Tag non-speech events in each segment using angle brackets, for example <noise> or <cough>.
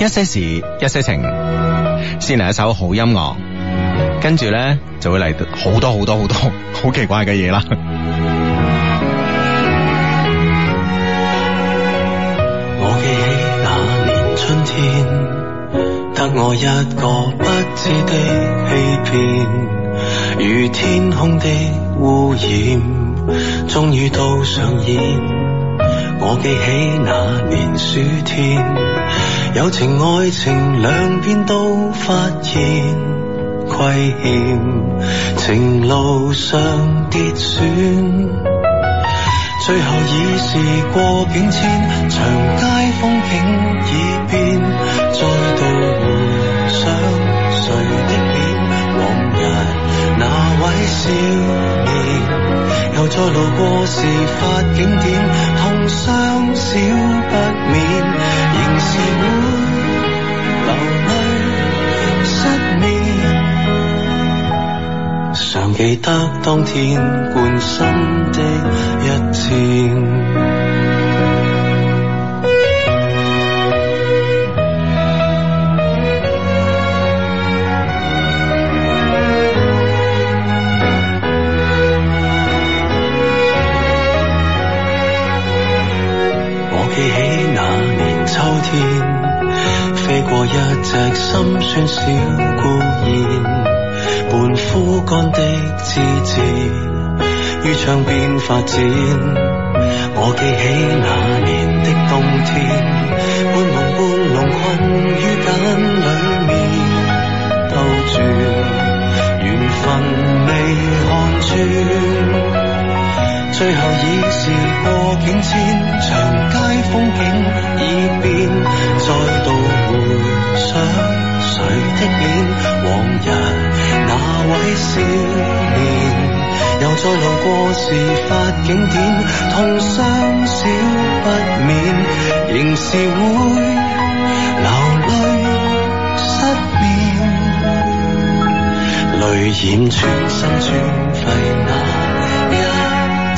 一些事，一些情，先嚟一首好音樂，跟住咧就會嚟好多好多好多好奇怪嘅嘢啦。我記起那年春天，得我一個不知的欺騙，如天空的污染，終於都上演。我記起那年暑天。友情愛情兩邊都發現虧欠，情路上跌損，最後已事過境遷，長街風景已變，再度回想誰的臉，往日那微笑。又在路過時發景點，痛傷少不免，仍是會流淚失眠。常記得當天貫心的一箭。飛過一隻心酸小孤燕，半枯乾的枝節於窗邊發展。我記起那年的冬天，半朦半朧困於繭裏面兜轉，緣分未看穿。最後已是過境遷，長街風景已變，再度回想誰的臉，往日那位少年，又再路過事發景點，痛傷少不免，仍是會流淚失眠，淚染全身穿心穿肺那。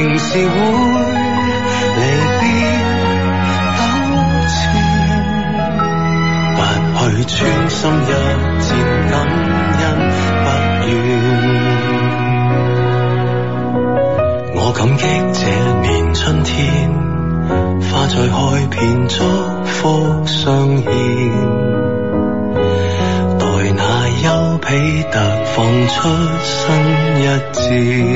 仍是會離別糾纏，不去穿心一箭，感恩不怨。我感激這年春天，花再開遍祝福相牽。待那丘比特放出新一箭。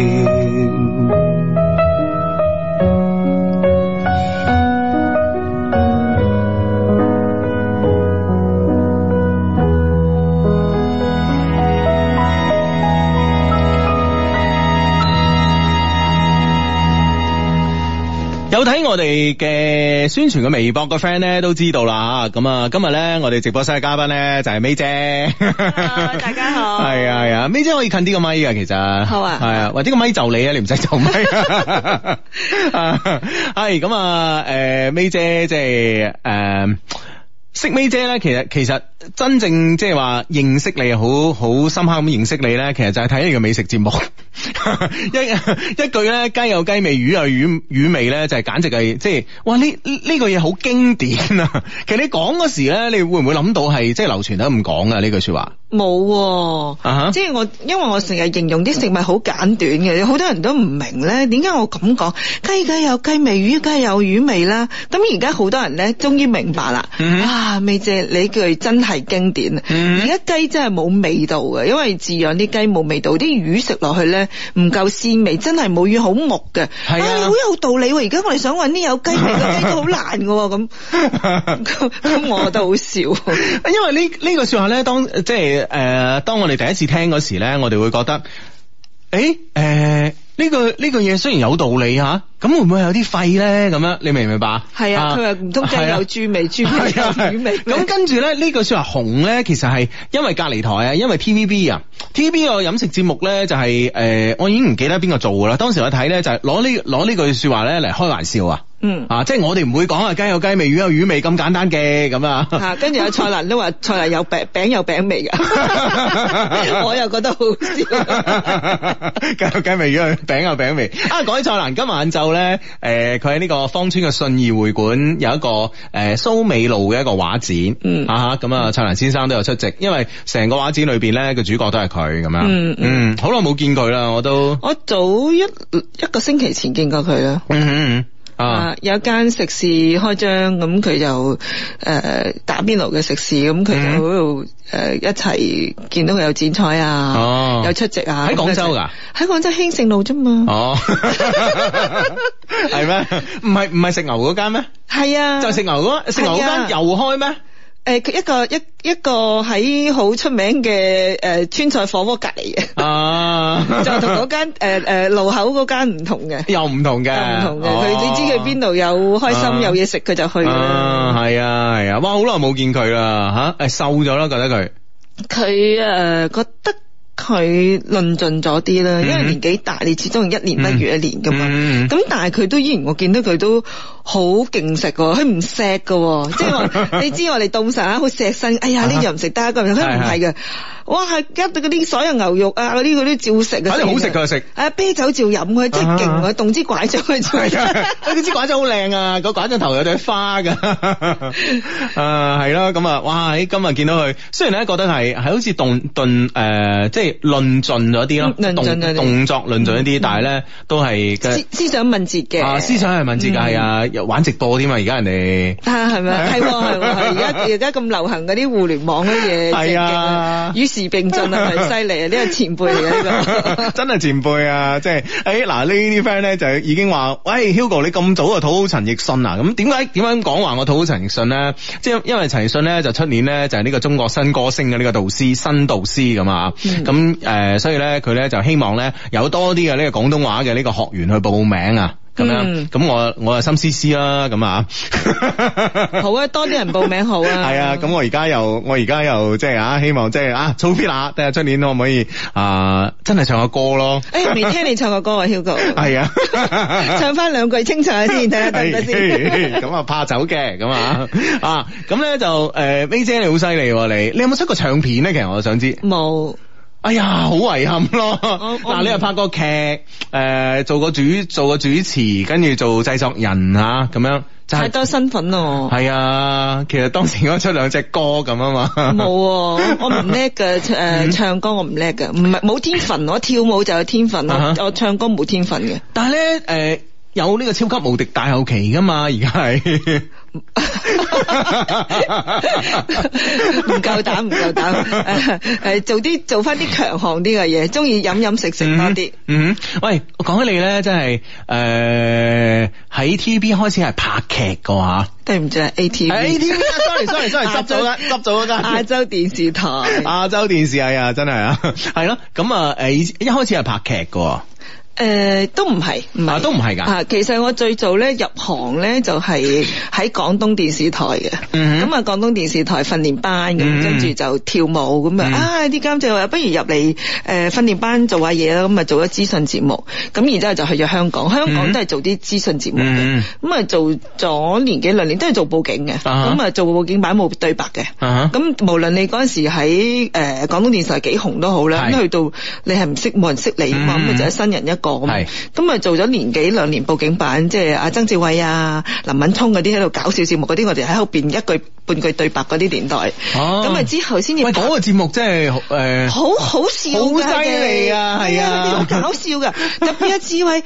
我哋嘅宣傳嘅微博嘅 friend 咧都知道啦，咁啊，今日咧我哋直播室嘅嘉賓咧就係 May 姐。Hello, <laughs> 大家好。係啊係啊，May 姐可以近啲個咪㗎，其實。係啊。係啊，或、這、者個咪就你啊，你唔使就咪。係咁啊，誒，May、呃、姐即係誒，就是呃、識 May 姐咧，其實其實真正即係話認識你，好好深刻咁認識你咧，其實就係睇你嘅美食節目。 <laughs> 一一句咧雞有雞味，魚有魚魚味咧，就係、是、簡直係即係哇！呢呢個嘢好經典啊！其實你講嗰時咧，你會唔會諗到係即係流傳得咁講啊？呢句說話。冇，即係、哦就是、我，因為我成日形容啲食物好簡短嘅，好多人都唔明咧，點解我咁講？雞雞有雞，雞，有雞，雞，有雞味，啊，魚魚有魚味啦。咁而家好多人咧，終於明白啦。啊、mm hmm.，美姐你句真係經典。而家、mm hmm. 雞真係冇味道嘅，因為飼養啲雞冇味道，啲魚食落去咧唔夠鮮味，真係冇魚好木嘅。係啊，好、哎、有道理喎！而家我哋想揾啲有雞味嘅雞都好難嘅咁，咁我覺得好笑。 <laughs> 因為呢呢、呢個說話咧，當即係。即誒，當我哋第一次聽嗰時咧，我哋會覺得誒，誒、欸、呢、欸這個呢、這個嘢雖然有道理吓，咁、啊、會唔會有啲廢咧？咁樣你明唔明白啊？係啊，佢話唔通真係雞有豬味，豬有魚味。咁、啊啊啊啊嗯、跟住咧，呢句說話紅咧，其實係因為隔籬台啊，因為 T V B 啊，T V B 個飲食節目咧就係、是、誒、呃，我已經唔記得邊個做噶啦。當時我睇咧就係攞呢攞呢句說話咧嚟開玩笑啊。嗯啊，即係我哋唔會講啊，雞有雞味，魚有魚味咁簡單嘅咁啊。吓、啊，跟住阿蔡瀾都話， <laughs> 蔡瀾有餅餅有餅味嘅，我又覺得好笑。雞 <laughs> <laughs> <laughs> 有雞味，魚有餅有餅味。 <laughs> 啊，講起蔡瀾今晚晝咧，誒、呃，佢喺呢個芳村嘅信義會館有一個誒蘇、呃、美路嘅一個畫展，嗯啊哈，咁啊蔡瀾先生都有出席，因為成個畫展裏邊咧個主角都係佢咁樣，嗯嗯，好耐冇見佢啦，我都我早一一個星期前見過佢啦，嗯哼。啊！有一間食肆開張，咁佢就誒、呃、打邊爐嘅食肆，咁佢就喺度誒一齊見到佢有剪綵啊，啊有出席啊，喺廣州噶，喺廣州興盛路啫嘛。哦，係 <laughs> 咩？ <laughs> <laughs> 唔係唔係食牛嗰間咩？係啊，就食牛咯，食牛間又開咩？誒，佢一個一一個喺好出名嘅誒川菜火鍋隔籬嘅，就同嗰間誒誒路口嗰間唔同嘅，又唔同嘅，又唔同嘅，佢你知佢邊度有開心有嘢食，佢就去啦。係啊係啊，哇，好耐冇見佢啦吓，誒瘦咗啦，覺得佢。佢誒覺得。佢論盡咗啲啦，因為年紀大，你始終一年不如一年㗎嘛。咁但係佢都依然，我見到佢都好勁食喎，佢唔錫㗎，即係話你知我哋凍神啊，好錫身。哎呀，呢樣唔食，嗰樣唔食，佢唔係嘅。哇，一嗰啲所有牛肉啊，嗰啲嗰啲照食。反正好食佢又食。誒，啤酒照飲佢，真係勁喎！凍支拐杖佢，佢支拐杖好靚啊，個拐杖頭有朵花㗎。啊，係啦，咁啊，哇！喺今日見到佢，雖然你覺得係係好似凍燉誒，即係。論盡咗啲咯，動動作論盡咗啲，但係咧都係思思想敏捷嘅啊！思想係敏捷嘅，係啊！又玩直播添啊！而家人哋啊，係咪啊？係係係，而家而家咁流行嗰啲互聯網嘅嘢係啊，與時並進啊，係犀利啊！呢個前輩嚟嘅真係前輩啊！即係誒嗱呢啲 friend 咧就已經話：喂 Hugo，你咁早就討好陳奕迅啊？咁點解點樣講話我討好陳奕迅咧？即係因為陳奕迅咧就出年咧就係呢個中國新歌聲嘅呢個導師新導師，咁啊咁。咁誒，所以咧，佢、嗯、咧、嗯嗯、就希望咧有多啲嘅呢個廣東話嘅呢個學員去報名啊，咁樣咁我我又心思思啦，咁、嗯、啊，好啊，多啲人報名好啊，係啊，咁、嗯、我而家又我而家又即係啊，希望即係啊，操 fit 下，睇下出年可唔可以啊，真係唱下歌咯。誒 <laughs> 、哎，未聽你唱過歌啊，Hugo，係啊， <laughs> <laughs> 唱翻兩句清唱先，睇下得唔得先。咁啊、哎，怕走嘅咁啊，啊，咁咧就誒 May、啊、姐你好犀利，你你、你有冇出過唱片咧？其實我想知冇。哎呀，好遺憾咯！但係你又拍過劇，誒、呃，做個主，做個主持，跟住做製作人吓，咁、啊、樣就係多身份咯。係啊、哎，其實當時我出兩隻歌咁啊嘛。冇、哦，我唔叻嘅，誒、 <laughs> 呃，唱歌我唔叻嘅，唔係冇天分。我跳舞就有天分啦， <laughs> 我唱歌冇天分嘅。但係咧，誒、呃。有呢個超級無敵大後期噶嘛？而家係唔夠膽，唔夠膽，係 <laughs> 做啲做翻啲強項啲嘅嘢，中意飲飲食食多啲、嗯。嗯哼，喂，我講起你咧，真係誒喺 TVB 開始係拍劇噶吓，對唔住，ATV，ATV，sorry，sorry，sorry，執咗啦，執咗啦，亞、 <laughs> 啊、洲電視台，亞洲電視係 <laughs> <laughs> 啊，真係啊，係咯，咁啊，誒，一開始係拍劇噶。誒，都唔係，啊，都唔係噶，吓，其實我最早咧入行咧就係喺廣東電視台嘅，咁啊廣東電視台訓練班咁，跟住就跳舞咁啊，啲監製話不如入嚟誒訓練班做下嘢啦，咁啊做咗資訊節目，咁然之後就去咗香港，香港都係做啲資訊節目嘅，咁啊做咗年幾兩年都係做報警嘅，咁啊做報警擺冇對白嘅，咁無論你嗰陣時喺誒廣東電視台幾紅都好啦，咁去到你係唔識冇人識你嘅嘛，咁就係新人一，個咁，咁啊做咗年幾兩年，報警版即係阿曾志偉啊、林敏聰嗰啲喺度搞笑節目嗰啲，我哋喺後邊一句半句對白嗰啲年代。咁啊之後先至，嗰個節目真係誒好好笑，好犀利啊，係啊，好搞笑噶，特別阿志偉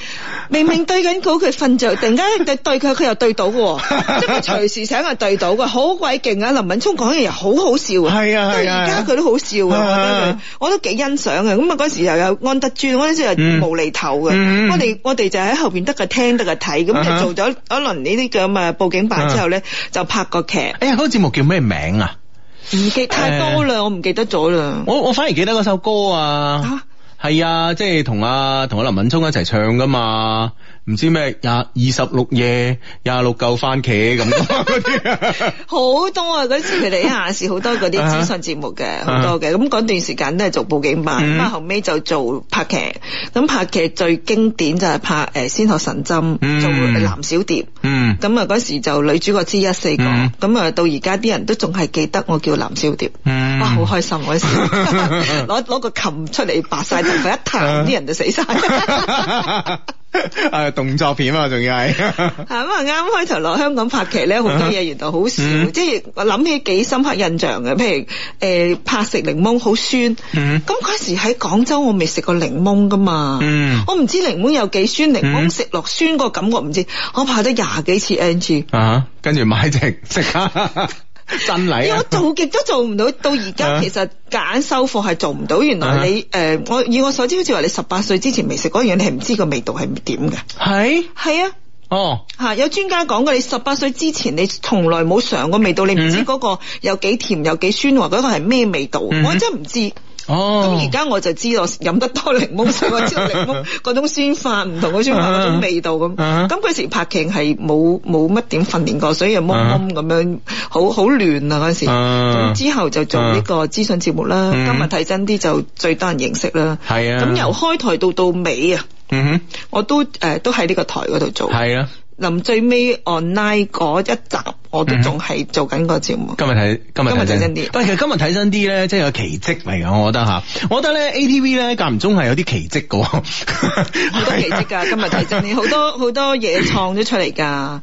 明明對緊稿，佢瞓着，突然間對對佢，佢又對到，即係隨時醒又對到噶，好鬼勁啊！林敏聰講嘢又好好笑啊，係啊係啊，而家佢都好笑啊，我覺得，我都幾欣賞啊。咁啊嗰時又有安德尊，嗰陣時又無厘頭。有嘅、嗯，我哋我哋就喺後邊得個聽得個睇，咁就做咗一輪呢啲咁嘅布景板之後咧，啊、就拍個劇。哎呀，嗰、嗰個節目叫咩名啊？唔記太多啦，我唔記得咗啦。我我反而記得嗰首歌啊，係啊，啊，即係同啊同阿林敏驄一齊唱噶嘛。唔知咩廿二十六夜廿六嚿番茄咁，好多啊！嗰時佢哋亞視好多嗰啲資訊節目嘅，好、uh huh. 多嘅。咁嗰段時間都係做報景版，咁啊、uh huh. 後尾就做拍劇。咁拍劇最經典就係拍誒《仙鶴神針》uh，huh. 做藍小蝶。嗯、uh，咁啊嗰時就女主角之一四個，咁啊、uh huh. 到而家啲人都仲係記得我叫藍小蝶。Uh huh. 哇，好開心嗰時，攞 <laughs> 攞個琴出嚟白晒，同佢一彈，啲人就死晒。Huh. <laughs> <laughs> 誒、 <laughs> 啊，動作片啊，仲要係係咁啊！啱 <laughs> 開頭落香港拍劇咧，好、啊、多嘢，原來好少。嗯、即係我諗起幾深刻印象嘅，譬如誒、呃、拍食檸檬好酸，咁嗰、嗯、時喺廣州我未食過檸檬噶嘛，嗯、我唔知檸檬有幾酸，檸、嗯、檬食落酸個感覺唔知，我拍咗廿幾次 NG，啊，跟住買隻食。 <laughs> 真嚟，我做極都做唔到，到而家其實夾硬收貨係做唔到。原來你誒、啊呃，我以我所知，好似話你十八歲之前未食嗰樣，你係唔知個味道係點嘅？係係是啊，哦，吓、啊、有專家講過，你十八歲之前你從來冇嘗過味道，你唔知嗰個有幾甜有幾酸，話嗰個係咩味道，嗯、哼我真係唔知。哦，咁而家我就知道飲得多檸檬水，我知道檸檬嗰種酸化唔同嗰種嗰種味道咁。咁嗰時拍劇係冇冇乜點訓練過，所以又懵咁樣好好亂啊，嗰時。之後就做呢個資訊節目啦。今日睇真啲就最多人認識啦。係啊，咁由開台到到尾啊，我都誒都喺呢個台嗰度做。係啊，臨最尾 online 嗰一集。我哋仲係做緊個節目。今日睇今日睇真啲。但其實今日睇真啲咧，即係有奇蹟嚟嘅，我覺得吓。我覺得咧 ATV 咧間唔中係有啲奇蹟噶。好多奇蹟噶，今日睇真啲，好多好多嘢創咗出嚟噶。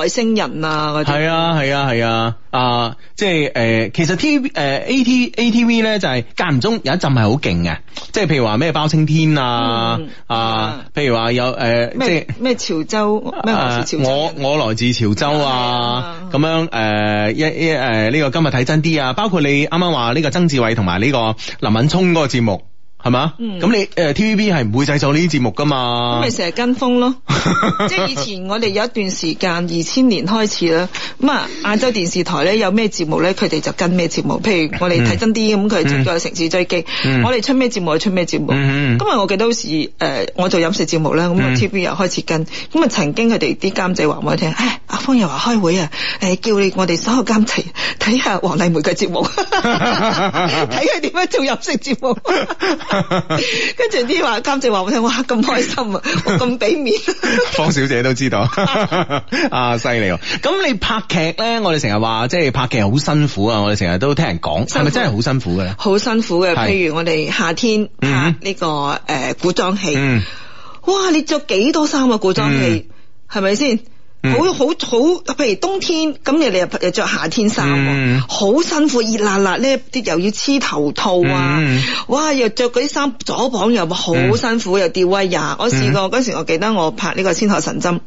外星人啊，啲，係啊係啊係啊啊！即係誒，其實 T 誒 ATATV 咧就係間唔中有一陣係好勁嘅，即係譬如話咩包青天啊啊，譬如話有誒即係咩潮州咩潮我我來自潮州啊。咁樣誒一一誒呢個今日睇真啲啊！包括你啱啱話呢個曾志偉同埋呢個林敏聰個節目。係、嗯呃、嘛。咁你誒，T V B 係唔會製作呢啲節目噶嘛，咁咪成日跟風咯。 <laughs> 即係以前我哋有一段時間，二千年開始啦，咁啊亞洲電視台咧有咩節目咧，佢哋就跟咩節目。譬如我哋睇真啲咁，佢又、嗯、城市追擊。嗯、我哋出咩節目就出咩節目。嗯、今日我記得好似誒、呃，我做飲食節目啦，咁啊 T V B 又開始跟。咁啊、嗯、曾經佢哋啲監製話我聽、哎，阿峰又話開會啊，誒、哎、叫你我哋所有監製睇下黃麗梅嘅節目，睇佢點樣做飲食節目。 <laughs> <laughs> 跟住啲話監製話我聽，哇咁開心啊，咁俾 <laughs> 面。 <laughs> 方小姐都知道， <laughs> 啊犀利喎。咁你拍劇咧，我哋成日話即係拍劇好辛苦啊，我哋成日都聽人講，係咪真係好辛苦嘅？好辛苦嘅，苦是譬如我哋夏天拍呢、這個誒、嗯、古裝戲，嗯、哇你着幾多衫啊古裝戲，係咪先？是好好好，譬如冬天咁，你哋又又着夏天衫，好、mm hmm. 辛苦，熱辣辣咧，啲、hmm. 又要黐頭套啊，哇，又着嗰啲衫左膀又好辛苦，mm hmm. 又吊威亞。我試過嗰、mm hmm. 時，我記得我拍呢、這個仙鶴神針，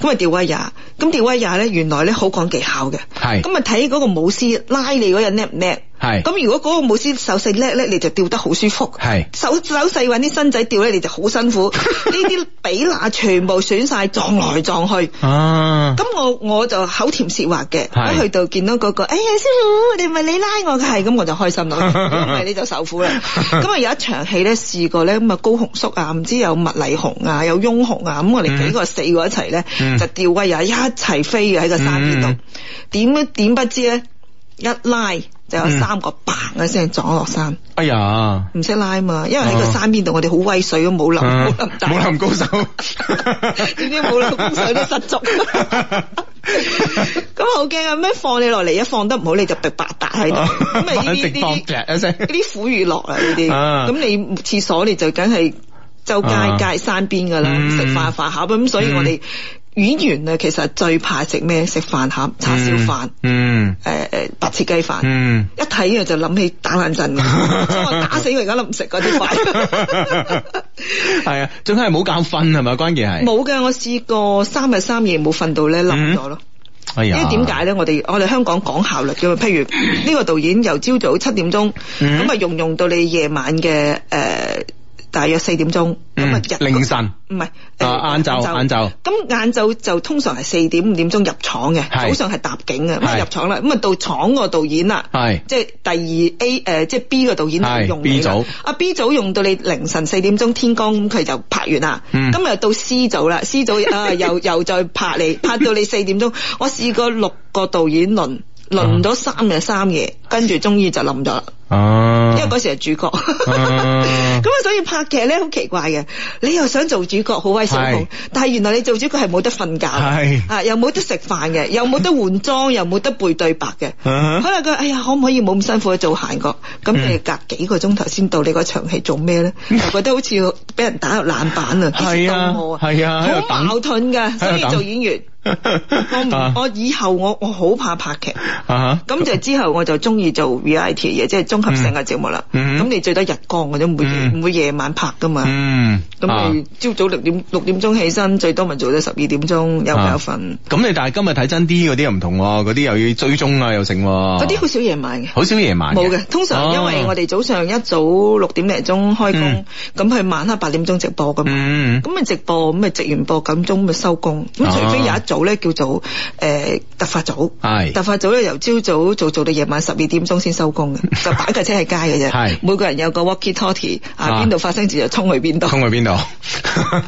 咁啊吊威亞，咁吊威亞咧，原來咧好講技巧嘅，係咁啊睇嗰個舞師拉你嗰日叻唔叻。Mm hmm. 係咁，如果嗰個武師手勢叻咧，你就吊得好舒服。係是手手勢穩啲身仔吊咧，你就好辛苦。呢啲比乸全部損晒，撞來撞去。咁、啊、我我就口甜舌滑嘅，一是去到見到嗰、那個，哎呀師傅，你咪你拉我，嘅。係咁我就開心咯。唔係 <laughs> 你就受苦啦。咁啊 <laughs> 有一場戲咧，試過咧，咁啊高雄叔啊，唔知有麥麗紅啊，有翁紅啊，咁我哋幾個四個一齊咧、嗯、就吊威啊，一齊飛嘅喺個山邊度。點點、嗯、不知咧，一拉。就有三個 bang 一聲撞落山。哎呀！唔識拉嘛，因為喺個山邊度，我哋好威水都冇冧，冇冧高手，呢啲冇冧高手都失足。咁好驚啊！咩放你落嚟？一放得唔好，你就白達喺度。咁咪呢啲啲苦與樂啊！呢啲咁你廁所你就梗係周街街山邊噶啦，食飯飯下咁所以我哋。演員啊，其實最怕食咩？食飯盒叉燒飯，嗯，嗯，誒誒白切雞飯，嗯，一睇就諗起打冷震嘅， <laughs> <laughs> 打死佢而家都唔食嗰啲飯。係 <laughs> <laughs> 啊，仲係冇覺瞓係咪？關鍵係。冇嘅，我試過三日三夜冇瞓到咧，冧咗咯。因為點解咧？我哋我哋香港講效率嘅，譬如呢個導演由朝早七點鐘，咁啊用用到你夜晚嘅誒。呃呃大約四點鐘咁啊，日，凌晨唔係啊，晏晝晏晝咁晏晝就通常係四點五點鐘入廠嘅，早上係搭景嘅，咁啊入廠啦，咁啊到廠個導演啦，係即係第二 A 誒，即係 B 個導演用 B 組，阿 B 組用到你凌晨四點鐘天光佢就拍完啦。今日到 C 組啦，C 組啊又又再拍你，拍到你四點鐘。我試過六個導演輪輪咗三日三夜，跟住終於就冧咗啦。哦，因為嗰時係主角，咁啊，所以拍劇咧好奇怪嘅，你又想做主角，好威辛苦。但係原來你做主角係冇得瞓覺，啊，又冇得食飯嘅，又冇得換裝，又冇得背對白嘅，可能佢哎呀，可唔可以冇咁辛苦去做閒角？咁你隔幾個鐘頭先到你個場戲做咩咧？就覺得好似俾人打入冷板啊，好凍我啊，係啊，好矛盾噶，所以做演員，我唔，我以後我我好怕拍劇，咁就之後我就中意做 V I T 嘅，即係中。合成嘅節目啦，咁你最多日光嘅啫，唔會唔會夜晚拍噶嘛。咁你朝早六點六點鐘起身，最多咪做到十二點鐘有覺瞓。咁你但係今日睇真啲嗰啲又唔同，嗰啲又要追蹤啊又成。嗰啲好少夜晚嘅，好少夜晚冇嘅。通常因為我哋早上一早六點零鐘開工，咁佢晚黑八點鐘直播噶嘛。咁咪直播，咁咪直播完播九點鐘咪收工。咁除非有一組咧叫做誒突發組，係突發組咧由朝早做做到夜晚十二點鐘先收工嘅，就擺。架車係街嘅啫，係是每個人有個 walkie talkie 啊，邊度發生事就衝去邊度。衝、啊、去邊度？ <laughs>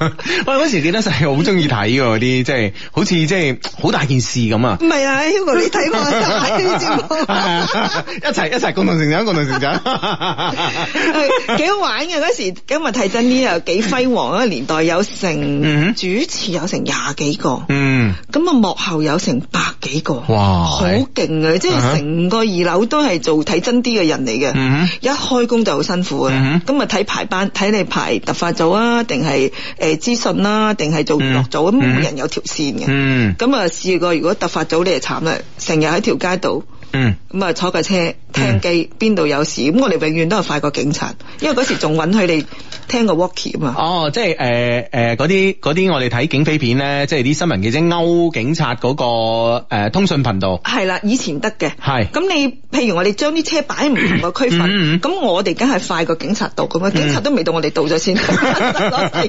我嗰時記得細，我、就是、好中意睇嘅嗰啲，即係好似即係好大件事咁啊！唔係啊，Hugo，你睇過真係節目，一齊一齊共同成長，共同成長，係 <laughs> 幾 <laughs> 好玩嘅。嗰時今日睇真啲又幾輝煌，一、那個年代有成、嗯、哼主持有成廿幾個，嗯，咁啊幕後有成百幾個，哇，好勁啊！即係成個二樓都係做睇真啲嘅人。嚟嘅，uh huh. 一開工就好辛苦啊！咁啊睇排班，睇你排突發組啊，定係誒資訊啦，定、呃、係、啊、做娛樂組，咁冇、uh huh. 人有條線嘅。咁啊試過，如果突發組你係慘啦，成日喺條街度，咁啊、uh huh. 坐架車聽機，邊度、uh huh. 有事，咁我哋永遠都係快過警察，因為嗰時仲允許你。聽過 walkie 啊，哦，即係誒誒嗰啲嗰啲我哋睇警匪片咧，即係啲新聞記者勾警察嗰個誒通訊頻道，係啦，以前得嘅，係，咁你譬如我哋將啲車擺喺唔同嘅區分，咁我哋梗係快過警察度，咁啊，警察都未到，我哋到咗先，咁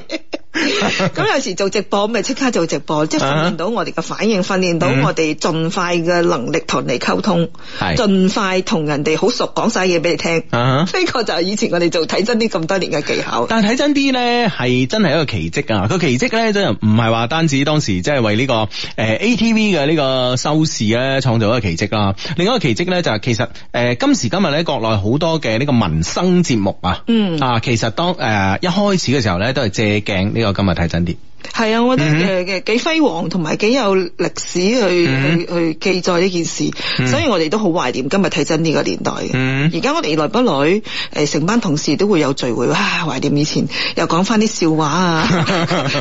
有時做直播咪即刻做直播，即係訓練到我哋嘅反應，訓練到我哋盡快嘅能力同人哋溝通，係，盡快同人哋好熟講晒嘢俾你聽，呢個就係以前我哋做睇真啲咁多年嘅技巧。但係睇真啲咧，係真係一個奇蹟啊！個奇蹟咧，真係唔係話單止當時即係為呢個誒 ATV 嘅呢個收視咧創造一個奇蹟啊。另一個奇蹟咧就係其實誒今時今日咧國內好多嘅呢個民生節目，嗯、啊，嗯啊其實當誒、呃、一開始嘅時候咧都係借鏡呢個今日睇真啲。係啊，我覺得誒嘅幾輝煌，同埋幾有歷史去 <noise> 去去記載呢件事， <noise> 所以我哋都好懷念今日睇真呢個年代。而家 <noise> 我哋來不女誒，成班同事都會有聚會，哇，懷念以前，又講翻啲笑話啊，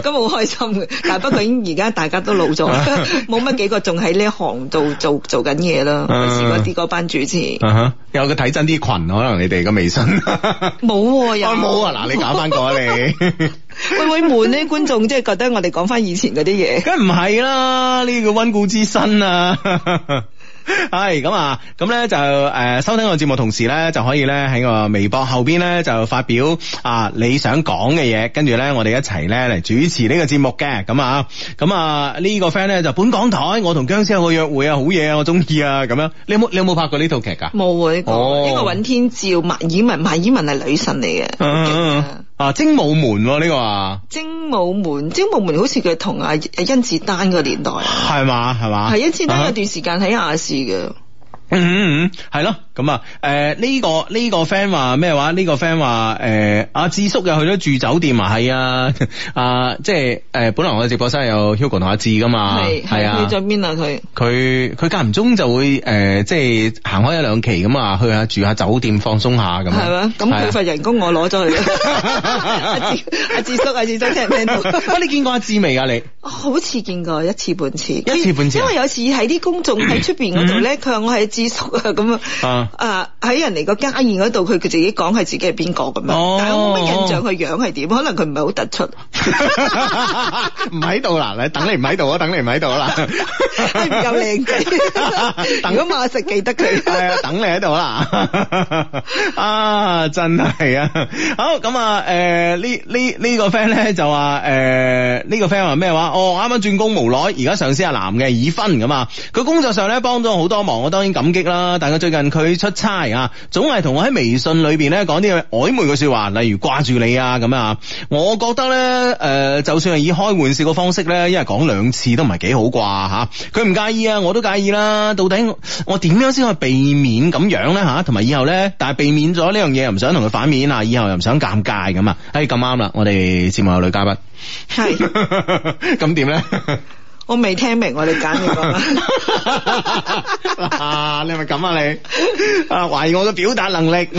咁 <laughs> 好開心嘅。但係不過而家大家都老咗，冇乜 <laughs> <laughs> 幾個仲喺呢行度做做緊嘢啦。嗰啲嗰班主持， <noise> 嗯、有個睇真啲群，可能你哋個微信冇 <laughs> 有冇啊？嗱、啊，你講翻個你。會唔會悶咧觀眾？即係覺得我哋講翻以前嗰啲嘢，梗唔係啦，呢、這個溫故知新啊！係 <laughs> 咁啊，咁咧就誒、呃，收聽我節目同時咧，就可以咧喺個微博後邊咧就發表啊你想講嘅嘢，跟住咧我哋一齊咧嚟主持呢個節目嘅咁啊，咁啊、這個、呢個 friend 咧就本港台，我同僵屍有個約會我啊，好嘢啊，我中意啊，咁樣你有冇你有冇拍過呢套劇噶？冇呢個，一個尹天照，萬綺雯，萬綺雯係女神嚟嘅，啊，精武門呢、啊這個啊，精武門，精武門好似佢同阿阿甄子丹個年代，係嘛？係嘛？係甄子丹有段時間喺亞視嘅。嗯嗯嗯，係咯，咁啊，誒呢個呢個 friend 話咩話？呢個 friend 話誒阿智叔又去咗住酒店，係啊，啊即係誒本來我哋直播室有 Hugo 同阿志，噶嘛，係啊，去咗邊啊佢？佢佢間唔中就會誒即係行開一兩期咁啊，去下住下酒店放鬆下咁。係嘛？咁佢份人工我攞咗佢。阿智阿智叔阿智叔聽唔聽到？我你見過阿志未啊？你？好似見過一次半次，一次半次，因為有次喺啲公眾喺出邊嗰度咧，佢話我係。知足啊咁啊啊喺人哋個家宴嗰度，佢佢自己講係自己係邊個咁樣，哦、但係我冇乜印象佢好樣係點，可能佢唔係好突出。唔喺度啦，你等你唔喺度啊，等你唔喺度啦。又靚仔，等啊我食記得佢、啊。 <laughs> 等你喺度啦。 <laughs> 啊，真係啊，好咁啊，誒，呃這個、呢呢呢、呃這個 friend 咧就話，誒，呢個 friend 話咩話？哦，啱啱轉工無耐，而家上司係男嘅，已婚㗎嘛。佢工作上咧幫咗好多忙，我當然感激啦，但係最近佢出差啊，總係同我喺微信裏邊咧講啲曖昧嘅說話，例如掛住你啊咁啊。我覺得咧，誒、呃，就算係以開玩笑個方式咧，一日講兩次都唔係幾好啩吓。佢唔介意啊，我都介意啦。到底我點樣先可以避免咁樣咧吓？同埋以後咧，但係避免咗呢樣嘢又唔想同佢反面啊，以後又唔想尷尬咁啊。哎，咁啱啦，我哋節目有女嘉賓，係咁點咧？我未聽明，我哋揀嘅。啊，你係咪咁啊？你啊懷疑我嘅表達能力。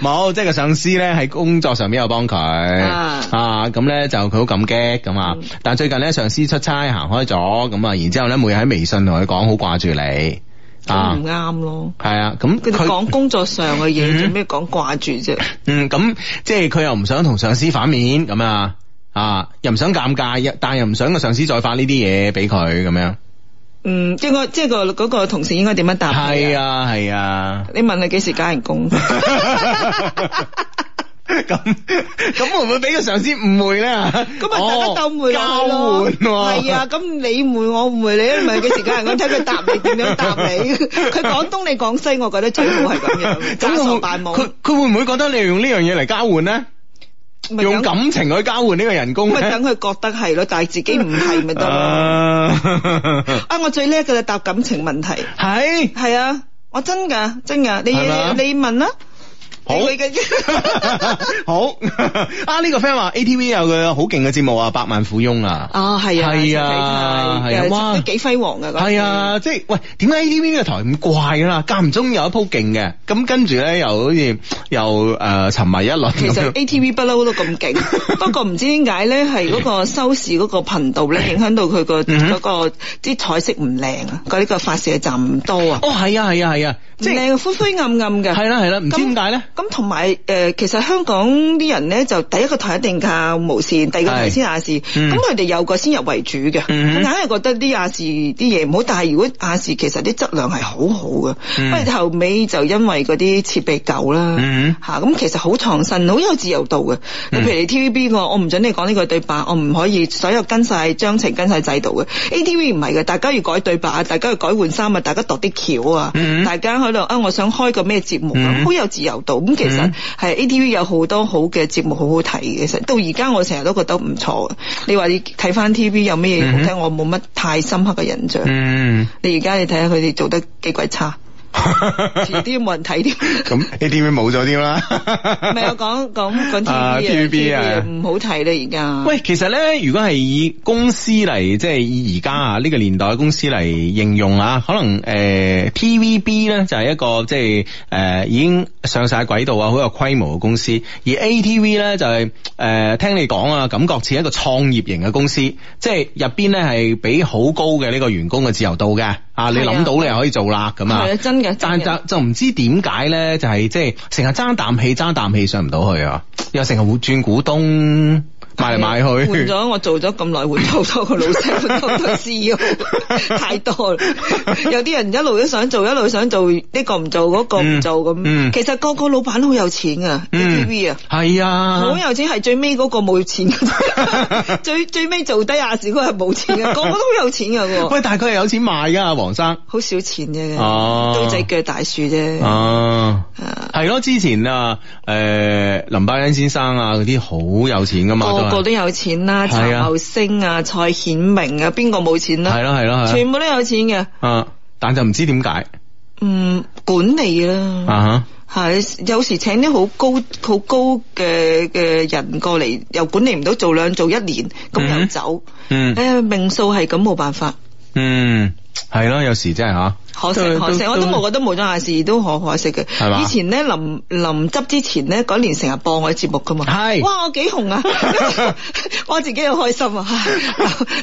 冇， <laughs> 即係個上司咧喺工作上邊有幫佢啊咁咧、啊、就佢好感激咁啊！嗯、但係最近咧上司出差行開咗咁、嗯、啊，然之後咧每日喺微信同佢講好掛住你啊，唔啱咯。係啊，咁佢講工作上嘅嘢，做咩講掛住啫？嗯，咁、嗯嗯嗯、即係佢又唔想同上司反面咁啊。啊！又唔想尷尬，但又唔想個上司再發呢啲嘢俾佢咁樣。嗯，應該即係個個同事應該點樣答？係啊，係啊。你問佢幾時加人工？咁咁會唔會俾個上司誤會咧？咁、哦、啊，大家鬥誤會咯。係啊，咁你誤會我誤會你，唔係幾時加人工？睇佢答你點樣答你。佢廣 <laughs> 東，你廣西，我覺得最好係咁樣。佢佢 <laughs> 會唔會，會覺得你用呢樣嘢嚟交換咧？用感情去交換呢個人工，咪等佢覺得係咯，但係自己唔係咪得咯？ <laughs> 沒啊，我最叻嘅就答感情問題，係係是啊，我真噶真噶，你嗎你，你問啦，啊。好，好啊！呢個 friend 話 ATV 有個好勁嘅節目啊，百萬富翁啊，哦係啊係啊，哇，啊，幾輝煌噶，係啊，即係喂，點解 ATV 呢個台咁怪噶啦？間唔中有一鋪勁嘅，咁跟住咧又好似又誒沉迷一輪。其實 ATV 不嬲都咁勁，不過唔知點解咧，係嗰個收視嗰個頻道咧，影響到佢個嗰個啲彩色唔靚啊，嗰呢個發射站唔多啊。哦係啊係啊係啊，即係灰灰暗暗嘅。係啦係啦，唔知點解咧？咁同埋誒，其實香港啲人咧就第一個台一定靠無線，第二個台先亞視。咁佢哋有個先入為主嘅，佢硬係覺得啲亞視啲嘢唔好。但係如果亞視其實啲質量係好好嘅，不過、嗯、後尾就因為嗰啲設備舊啦嚇。咁、嗯嗯啊、其實好創新，好有自由度嘅。譬、嗯嗯、如 TVB 我唔准你講呢個對白，我唔可以所有跟晒章程跟晒制度嘅。ATV 唔係嘅，大家要改對白，大家要改換衫啊，大家度啲橋啊，嗯嗯嗯大家喺度啊，我想開個咩節目、嗯、啊，好有自由度。咁、嗯、其實係 ATV 有好多好嘅節目，好好睇嘅。其實到而家我成日都覺得唔錯。你話你睇翻 TV 有咩嘢好睇，嗯、我冇乜太深刻嘅印象。嗯、你而家你睇下佢哋做得幾鬼差。遲啲冇人睇添，咁 ATV 冇咗添啦。咪 <laughs> 係 <laughs> 我講講講 TVB 嘅唔好睇啦而家。喂，其實咧，如果係以公司嚟，即係以而家啊呢個年代嘅公司嚟應用啊，可能誒、呃、TVB 咧就係、是、一個即係誒已經上晒軌道啊，好有規模嘅公司。而 ATV 咧就係、是、誒、呃、聽你講啊、呃，感覺似一個創業型嘅公司，即、就、係、是、入邊咧係俾好高嘅呢個員工嘅自由度嘅。啊！你諗到你又可以做啦，咁啊的，係啊樣，真嘅。但就就唔知點解咧，就係即係成日爭啖氣，爭啖氣上唔到去啊。又成日會轉股東。賣嚟賣去，換咗我做咗咁耐，換好多個老細，換好多師啊，太多啦。有啲人一路都想做，一路想做呢個唔做，嗰個唔做咁。其實個個老闆都好有錢啊，TVB 啊，係啊，好有錢，係最尾嗰個冇錢，最最尾做低亞視，佢係冇錢嘅，個個都好有錢噶。喂，大概佢係有錢賣噶，阿黃生，好少錢啫，都只腳大樹啫。哦，係咯，之前啊，誒，林百欣先生啊，嗰啲好有錢噶嘛。個個都有錢啦，陳茂升啊，蔡顯明啊，邊個冇錢啦？係咯係咯係，全部都有錢嘅。啊，但就唔知點解？嗯，管理啦。啊哈，係有時請啲好高好高嘅嘅人過嚟，又管理唔到，做兩做一年咁又走。嗯。嗯，誒、哎，命數係咁，冇辦法。嗯。係咯，有時真係吓，可惜可惜，我都冇，我覺得冇咗亞視，都好可惜嘅。係嘛？以前咧，臨臨執之前咧，嗰年成日播我啲節目噶嘛。係，哇，我幾紅啊！我自己好開心啊！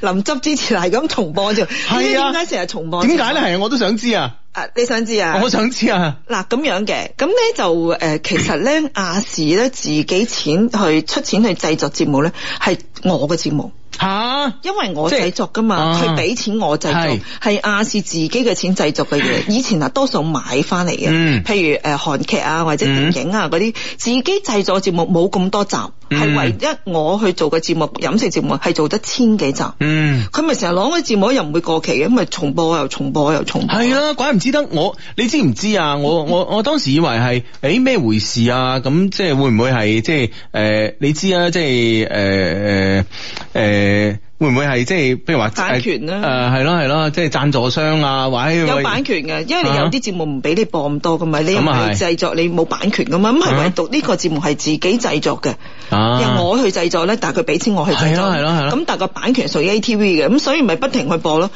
臨執之前係咁重播啫，係啊，點解成日重播？點解咧？係我都想知啊！誒，你想知啊？我想知啊！嗱，咁樣嘅，咁咧就誒，其實咧亞視咧自己錢去出錢去製作節目咧，係我嘅節目。吓，因為我製作噶嘛，佢畀、啊、錢我製作，係亞視自己嘅錢製作嘅嘢。以前啊，多數買翻嚟嘅，嗯、譬如誒、呃、韓劇啊或者電影啊嗰啲，嗯，自己製作節目冇咁多集。係唯一我去做嘅節目，飲食節目係做得千幾集。嗯，佢咪成日攞嗰啲節目，又唔會過期嘅，咁咪重，重播又重播又重播。係啊，怪唔知得我，你知唔知啊？我我我當時以為係，誒、欸、咩回事啊？咁即係會唔會係即係誒？你知啊？即係誒誒誒。呃呃呃會唔會係即係，譬如話版權啦、啊、誒，係咯係咯，即係贊助商啊，或者有版權嘅，因為你有啲節目唔俾你播咁多，咁咪、啊、你唔係製作，啊、你冇版權噶嘛。咁係唯獨呢個節目係自己製作嘅，由我去製作咧，但係佢俾錢我去製作係咯係咯咁，但係個版權屬於 A T V 嘅，咁所以咪不停去播咯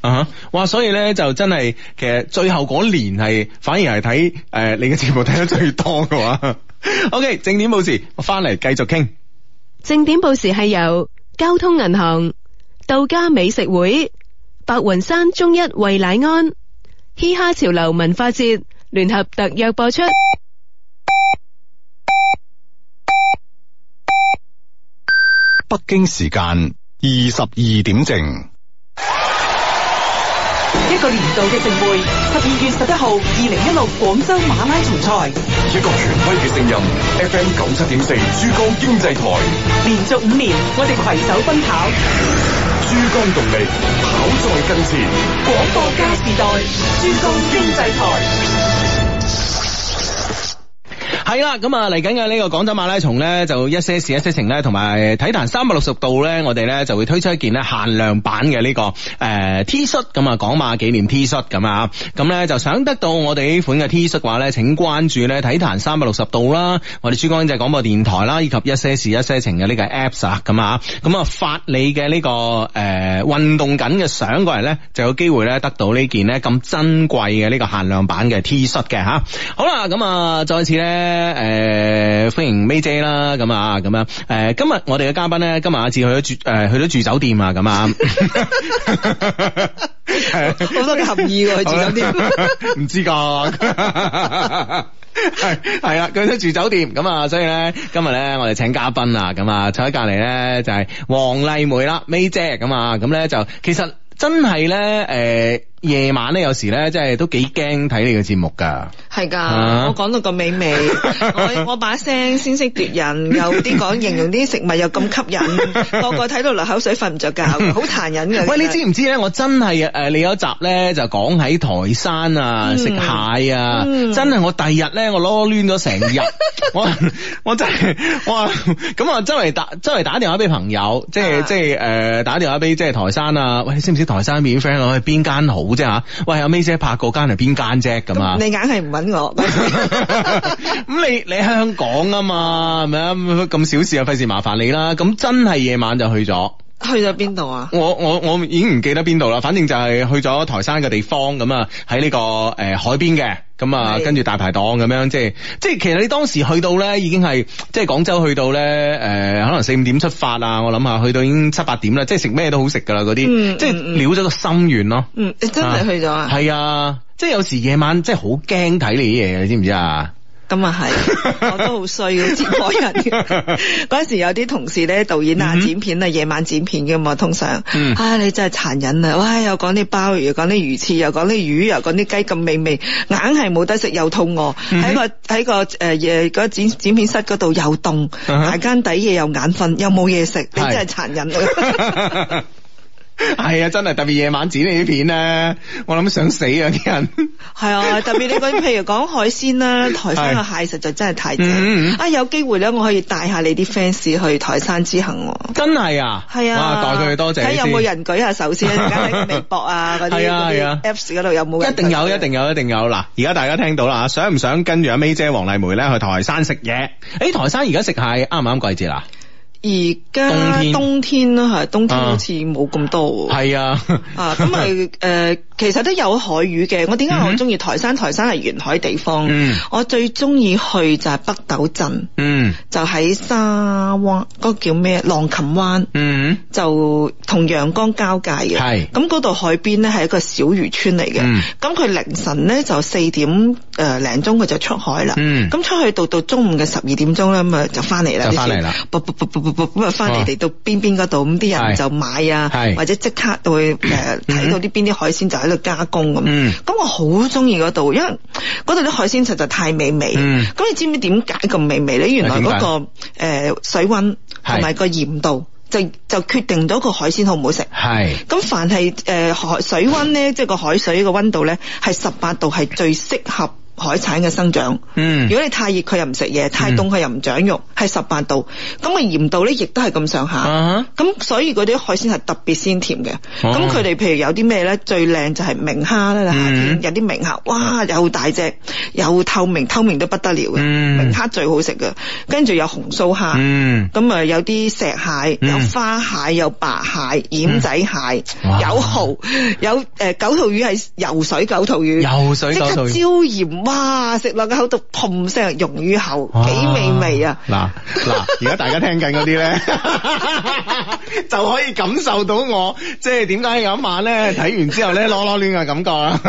啊哇，所以咧就真係其實最後嗰年係反而係睇誒你嘅節目睇得最多嘅話。 <laughs> o、okay, K，正點報時，我翻嚟繼續傾正點報時係有。交通銀行、道家美食會、白雲山中一惠乃安、嘻哈潮流文化節聯合特約播出。北京時間二十二點正。一個年度嘅盛會，十二月十一號，二零一六廣州馬拉松賽。一個權威嘅聲音，FM 九七點四，4，珠江經濟台。4，濟台連續五年，我哋攜手奔跑。珠江動力，跑在跟前。廣播加時代，珠江經濟台。係啦，咁啊嚟緊嘅呢個廣州馬拉松咧，就一些事一些情咧，同埋體壇三百六十度咧，我哋咧就會推出一件咧限量版嘅呢、這個誒、呃、T 恤，咁啊港馬紀念 T 恤咁啊，咁咧就想得到我哋呢款嘅 T 恤嘅話咧，shirt, 請關注咧體壇三百六十度啦，我哋珠江經濟廣播電台啦，以及一些事一些情嘅呢個 Apps 啊，咁啊，咁啊發你嘅呢、這個誒運、呃、動緊嘅相過嚟咧，就有機會咧得到呢件呢咁珍貴嘅呢個限量版嘅 T 恤嘅吓。好啦，咁啊再次咧。咧誒，歡迎 May 姐啦，咁啊，咁樣誒，今日我哋嘅嘉賓咧，今日阿志去咗住，誒，去咗住酒店啊，咁啊，好多嘅合意喎，去住酒店，唔知噶， <laughs> <laughs> <laughs> <laughs> 係係啊，佢都住酒店，咁啊，所以咧，今日咧，我哋請嘉賓啊，咁啊，坐喺隔籬咧，就係黃麗梅啦，May 姐，咁啊，咁咧就其實真係咧，誒、欸。夜晚咧，有時咧，真係都幾驚睇你個節目㗎。係㗎的，啊、我講到咁美味，我我把聲先識奪人，有啲講形容啲食物又咁吸引，個個睇到流口水，瞓唔着覺，好彈人㗎。喂，你知唔知咧？我真係誒，你有一集咧就講喺台山啊，食蟹啊，嗯嗯、真係我第二日咧，我攞攣咗成日，我拖拖 <laughs> 我，我真係哇，咁啊周圍打周圍打電話俾朋友，即係即係誒、呃、打電話俾即係台山啊，喂，你知唔知台山面 friend 我去邊間好？啫吓，喂阿 May 姐拍嗰間係邊間啫咁啊！你硬係唔揾我，咁你你喺香港啊嘛，係咪啊？咁小事啊，費事麻煩你啦。咁真係夜晚就去咗。去咗邊度啊？我我我已經唔記得邊度啦。反正就係去咗台山嘅地方咁啊，喺呢個誒海邊嘅咁啊，是跟住大排檔咁樣，即係即係。其實你當時去到咧，已經係即係廣州去到咧誒，可能四五點出發啊。我諗下去到已經七八點啦，即係食咩都好食噶啦嗰啲，即係了咗個心願咯。嗯，你真係去咗啊？係啊，即係有時夜晚即係好驚睇你啲嘢，你知唔知啊？咁啊係，我都好衰嘅接播人。嗰陣時有啲同事咧，導演啊剪片啊，夜晚剪片嘅嘛，通常，啊你真係殘忍啊！哇，又講啲鮑魚，又講啲魚翅，又講啲魚，又講啲雞咁美味，硬係冇得食又肚餓，喺個喺個誒嘢剪剪片室嗰度又凍，大間底嘢又眼瞓，又冇嘢食，你真係殘忍啊！係啊、哎，真係特別夜晚剪呢啲片咧，我諗，想想死啊啲人。係啊，特別你講譬如講海鮮啦，台山嘅蟹實在真係太正。啊是、哎，有機會咧，我可以帶下你啲 fans 去台山之行喎。真係、嗯嗯嗯哎、啊！係先啊，代佢多謝。睇有冇人舉下手先，喺微博啊嗰啲啊 Apps 嗰度，有冇？啊啊、一定有，一定有，一定有。嗱，而家大家聽到啦，想唔想跟住阿 May 姐、黃麗梅咧去台山食嘢？誒、欸，台山而家食蟹啱唔啱季節啦？而家冬天啦，吓，冬天好似冇咁多。係啊，啊咁咪誒，其實都有海魚嘅。我點解我中意台山？台山係沿海地方。我最中意去就係北斗鎮。嗯，就喺沙灣嗰個叫咩？浪琴灣。嗯，就同陽江交界嘅。係，咁嗰度海邊咧係一個小漁村嚟嘅。咁佢凌晨咧就四點誒零鐘佢就出海啦。咁出去到到中午嘅十二點鐘咧，咁啊就翻嚟啦。翻嚟啦！咁啊，翻嚟嚟到邊邊嗰度，咁啲、哦、人就買啊，是或者即刻會誒睇到啲邊啲海鮮就喺度加工咁。咁、嗯、我好中意嗰度，因為嗰度啲海鮮實在太美味。咁、嗯、你知唔知點解咁美味咧？原來嗰個誒水溫同埋個鹽度就就決定咗個海鮮好唔好食。係是。咁凡係誒、嗯、海水溫咧，即係個海水個溫度咧，係十八度係最適合。海產嘅生長，嗯，如果你太熱佢又唔食嘢，太凍佢又唔長肉，係十八度，咁嘅鹽度咧亦都係咁上下，咁所以嗰啲海鮮係特別鮮甜嘅。咁佢哋譬如有啲咩咧？最靚就係明蝦啦，夏天有啲明蝦，哇，又大隻，又透明，透明都不得了嘅，明蝦最好食嘅。跟住有紅酥蝦，咁啊有啲石蟹，有花蟹，有白蟹，奄仔蟹，有蚝，有誒九肚魚係游水九肚魚，游水即刻椒鹽啊，食落個口度，砰聲溶於口，幾美味啊！嗱嗱，而家大家聽緊嗰啲咧，就可以感受到我即係點解嗰晚咧睇完之後咧攞攞亂嘅感覺啊。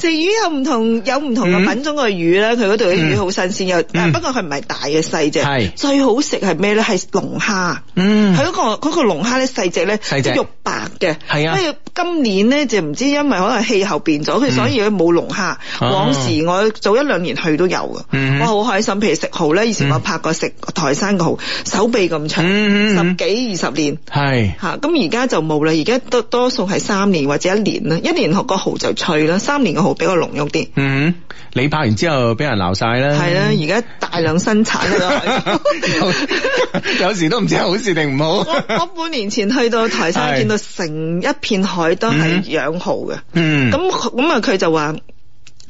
食魚有唔同，有唔同嘅品種嘅魚咧，佢嗰度嘅魚好新鮮，又但不過佢唔係大嘅細隻。係最好食係咩咧？係龍蝦。佢嗰個嗰個龍蝦咧細隻咧，細隻肉白嘅。係啊，今年咧就唔知因為可能氣候變咗，佢所以佢冇龍蝦。往時我。早一兩年去都有噶，我好開心。譬如食蚝咧，以前我拍過食台山嘅蚝，手臂咁長，十幾二十年。係吓，咁而家就冇啦。而家都多數係三年或者一年啦，一年學個蚝就脆啦，三年個蚝比較濃郁啲。嗯，你拍完之後俾人鬧晒啦。係啦，而家大量生產啦。有時都唔知係好事定唔好。我半年前去到台山，見到成一片海都係養蚝嘅。咁咁啊，佢就話。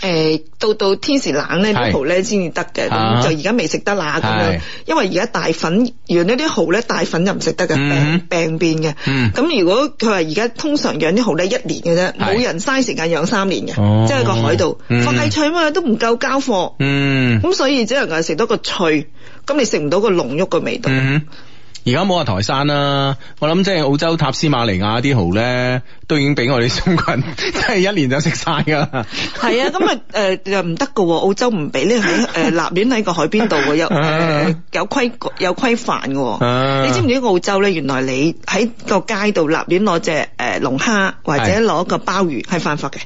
誒，到到天時冷咧，啲蠔咧先至得嘅，就而家未食得啦咁樣，因為而家大粉養呢啲蠔咧，大粉就唔食得嘅，病病變嘅。咁如果佢話而家通常養啲蠔咧一年嘅啫，冇人嘥時間養三年嘅，即係個海度佢係脆嘛，都唔夠交貨。咁所以只能夠食到個脆，咁你食唔到個濃郁嘅味道。而家冇話台山啦，我諗即係澳洲塔斯馬尼亞啲蠔咧，都已經俾我哋中國人即係一年就食晒噶啦。係 <laughs> 啊，咁啊誒又唔得噶喎，澳洲唔俾呢個誒立亂喺個海邊度嘅，有誒、 <laughs> 呃、有規有規範嘅。 <laughs> 你知唔知澳洲咧？原來你喺個街度立亂攞隻誒龍蝦或者攞個鮑魚係犯法嘅。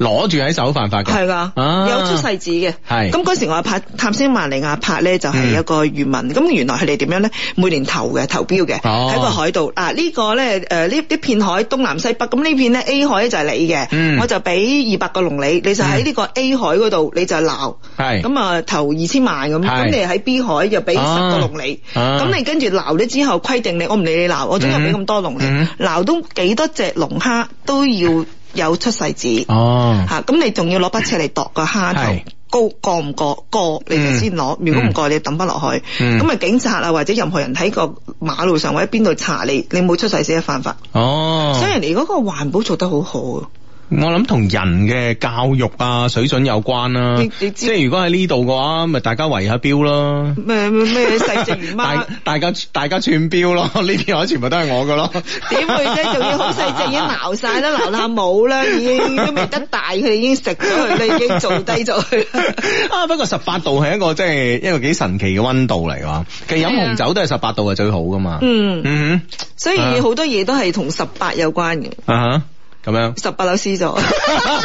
攞住喺手，犯法嘅。係㗎，有出世紙嘅。係。咁嗰時我拍《探星萬里亞》拍咧，就係一個漁民。咁原來佢哋點樣咧？每年投嘅，投標嘅。喺個海度嗱，呢個咧，誒呢啲片海東南西北。咁呢片咧 A 海就係你嘅，我就俾二百個龍你，你就喺呢個 A 海嗰度，你就撈。係。咁啊，投二千萬咁，咁你喺 B 海就俾十個龍你，咁你跟住撈咗之後，規定你，我唔理你撈，我總有俾咁多龍你撈到幾多隻龍蝦都要。有出世紙哦吓，咁你仲要攞筆尺嚟度個蝦頭是高過唔過過，你就先攞。嗯、如果唔過，嗯、你就抌翻落去咁啊。嗯、警察啊，或者任何人喺個馬路上或者邊度查你，你冇出世紙係犯法哦。所以人哋嗰個環保做得好好。我諗同人嘅教育啊水準有關啦、啊，即係如果喺呢度嘅話，咪大家圍下標咯。咩咩細隻魚，大大家大家串標咯，呢啲我全部都係我嘅咯。點會啫？仲要好細隻已經撈晒啦，留啦毛啦，已經都未得大，佢已經食咗佢，你已經做低咗佢。 <laughs> 啊！不過十八度係一個即係、就是、一個幾神奇嘅温度嚟噶，其實飲紅酒都係十八度係最好噶嘛。嗯的嗯，嗯所以好多嘢都係同十八有關嘅。啊、uh huh. 咁樣，十八樓 C 座，係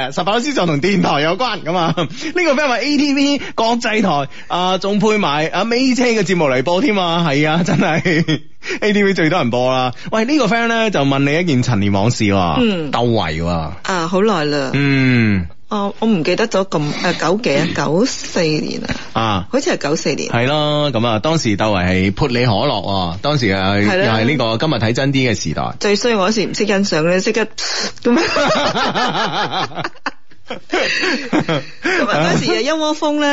啊，十八樓 C 座同電台有關咁、 <laughs> 呃、啊。呢個 friend 話 ATV 國際台啊，仲配埋阿美姐嘅節目嚟播添啊，係啊，真係 <laughs> ATV 最多人播啦。喂，這個、呢個 friend 咧就問你一件陳年往事喎，嗯，竇唯喎，啊，好耐啦，嗯。哦、我唔記得咗咁誒九幾啊？九四年啊，啊，好似係九四年、啊。係咯，咁啊，當時竇唯係潑你可樂啊，當時係又係呢的個今日睇真啲嘅時代。最衰我嗰時唔識欣賞咧，識得咁樣。 <laughs> <laughs> <laughs> 同埋嗰時又一窩蜂咧，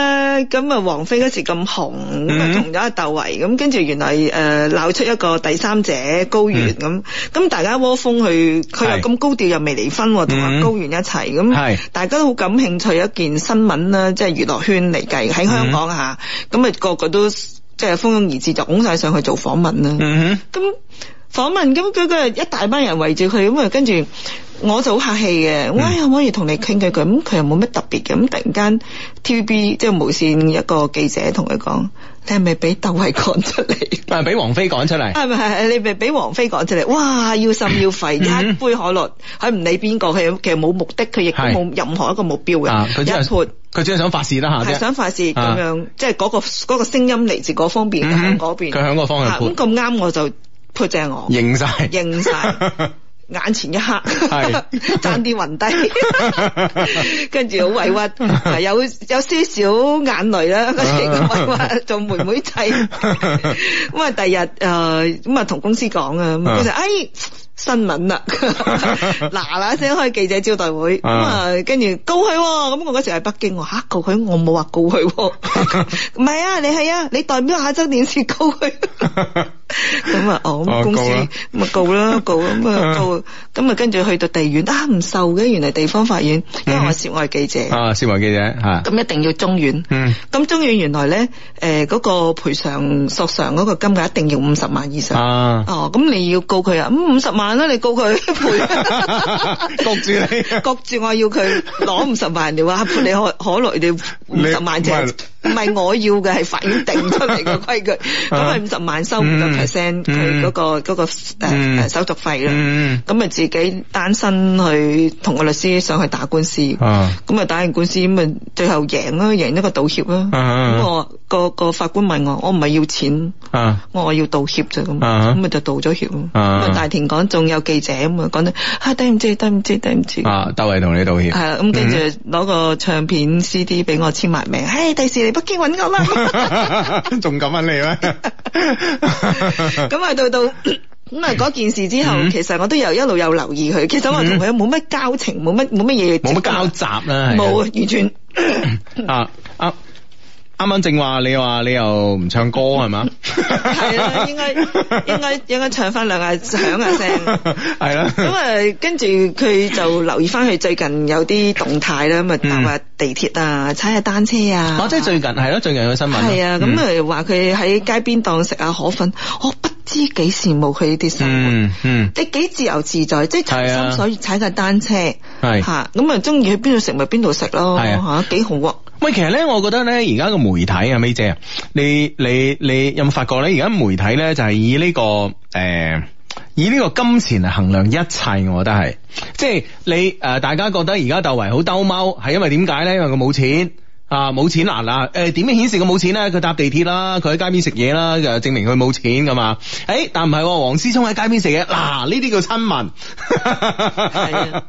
咁啊王菲嗰時咁紅，咁啊、嗯、同咗阿竇唯，咁跟住原來誒鬧、呃、出一個第三者高原咁，咁、嗯、大家一窩蜂去，佢又咁高調又未離婚，同埋高原一齊，咁大家都好感興趣一件新聞啦，即係娛樂圈嚟計喺香港吓，咁、嗯、啊、咁個個都即係、就是、蜂擁而至，就拱晒上去做訪問啦，咁、嗯。嗯訪問咁佢個一大班人圍住佢咁啊，跟住我就好客氣嘅。喂可唔可以同你傾偈？咁佢又冇乜特別嘅。咁突然間 TVB 即係無線一個記者同佢講：，你係咪俾竇唯趕出嚟？啊，俾王菲趕出嚟。係咪？你咪俾王菲趕出嚟？哇，要心要肺，一杯可樂，佢唔理邊個，佢其實冇目的，佢亦都冇任何一個目標嘅。佢一潑，佢只係想發泄一下啫。想發泄咁樣，即係嗰個嗰個聲音嚟自嗰方面，響嗰邊。佢響個方向潑。咁咁啱我就。撲正我，認晒載，認晒載， <laughs> 眼前一刻，爭啲暈低， <laughs> 暈 <laughs> 跟住好委屈， <laughs> 有有些少眼淚啦，我唔係話做妹妹仔，咁啊第日誒，咁啊同公司講啊，咁啊，哎。 <laughs> <laughs> 新聞啦，嗱嗱聲開記者招待會咁啊，跟住告佢，咁我嗰時喺北京，我吓告佢，我冇話告佢，唔係啊，你係啊，你代表亞洲電視告佢，咁啊，哦，咁公司咪告啦，告咁啊告，咁啊跟住去到地院啊唔受嘅，原來地方法院因為我涉外記者啊涉外記者吓，咁一定要中院，嗯，咁中院原來咧誒嗰個賠償索償嗰個金額一定要五十萬以上啊，哦，咁你要告佢啊，咁五十萬。係咯，你告佢賠，焗住你，焗住我要佢攞五十萬，你話判你可可耐啲五十萬啫，唔係我要嘅係法院定出嚟嘅規矩，咁係五十萬收五十 percent 佢嗰個嗰個誒誒手續費啦，咁咪自己單身去同個律師上去打官司，咁啊打完官司咁咪最後贏咯，贏一個道歉咯，咁我個個法官問我，我唔係要錢，我話我要道歉咋咁，咁咪就道咗歉咯，大庭講做。仲有記者咁啊，講到嚇，對唔住，對唔住，對唔住啊！鄧偉同你道歉。係啦，咁跟住攞個唱片 CD 俾我簽埋名。唉，第時嚟北京揾我啦。仲敢揾你咩？咁啊，到到咁啊，嗰件事之後，其實我都又一路又留意佢。其實我同佢冇乜交情，冇乜冇乜嘢。冇乜交集啦。冇，完全。啊啊！啱啱正話你話你又唔唱歌係嘛？係啊 <laughs> 應該應該應該唱翻兩下響下聲。係啦。咁啊，跟住佢就留意翻佢最近有啲動態啦，咁啊搭下地鐵啊，踩下單車啊。哦，即係最近係咯，最近嘅新聞。係啊，咁啊話佢喺街邊檔食下河粉，我不知幾羨慕佢呢啲生活。嗯嗯，你幾自由自在，即係隨心所欲踩架單車。吓咁啊，中意、啊、 <laughs> 去邊度食咪邊度食咯。係、啊。幾好啊！ <laughs> <laughs> 喂，其實咧，我覺得咧，而家個媒體啊，May 姐啊，你你你有冇發覺咧？而家媒體咧就係以呢、這個誒、呃，以呢個金錢嚟衡量一切，我覺得係，即係你誒、呃，大家覺得而家竇唯好兜踎，係因為點解咧？因為佢冇錢。啊，冇錢難啦，誒、呃，點樣顯示佢冇錢咧？佢搭地鐵啦，佢喺街邊食嘢啦，就證明佢冇錢噶嘛。誒、欸，但唔係、哦，黃思聰喺街邊食嘢，嗱呢啲叫親民，係 <laughs> 啊，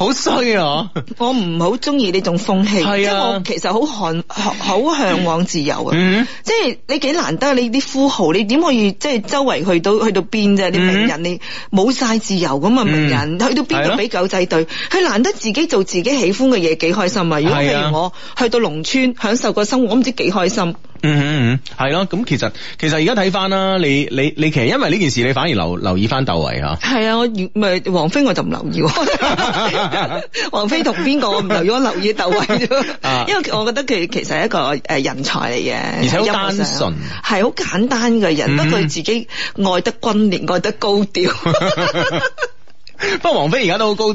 好衰 <laughs> 啊！我唔好中意呢種風氣，啊、即係我其實好向好向往自由啊。嗯、即係你幾難得，你啲富豪，你點可以即係周圍去到去到邊啫？啲名人、嗯、你冇晒自由噶、嗯、啊。名人去到邊都俾狗仔隊，佢難得自己做自己喜歡嘅嘢，幾開心啊！如果譬如我。去到農村享受個生活，我唔知幾開心。嗯，哼嗯，係咯，咁其實其實而家睇翻啦，你你你其實因為呢件事，你反而留留意翻竇唯啊？係啊，我唔係王菲， <laughs> <laughs> 我就唔留意。王菲同邊個我唔留意，我留意竇唯啫。 <laughs> 因為我覺得佢其實係一個誒人才嚟嘅，而且好單純係好簡單嘅人，不過、嗯、哼自己愛得軍烈，愛得高調。 <laughs> 不過王菲而家都好高調，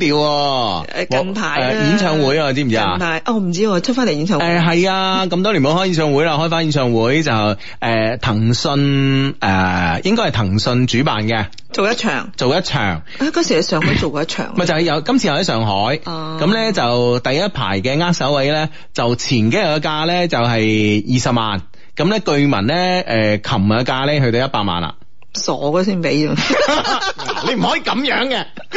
誒，近排演唱會，知唔知啊？近排啊，我唔知喎，出翻嚟演唱會誒，係啊，咁多年冇開演唱會啦， <laughs> 開翻演唱會就誒，騰訊誒，應該係騰訊主辦嘅，做一場，做一場，啊，嗰時喺上海做過一場，咪就係有今次又喺上海，哦、啊，咁咧就第一排嘅握手位咧，就前幾日嘅價咧就係二十萬，咁咧據聞咧誒，琴日嘅價咧去到一百萬啦。傻嘅先俾， <laughs> <laughs> 你唔可以咁樣嘅， <laughs>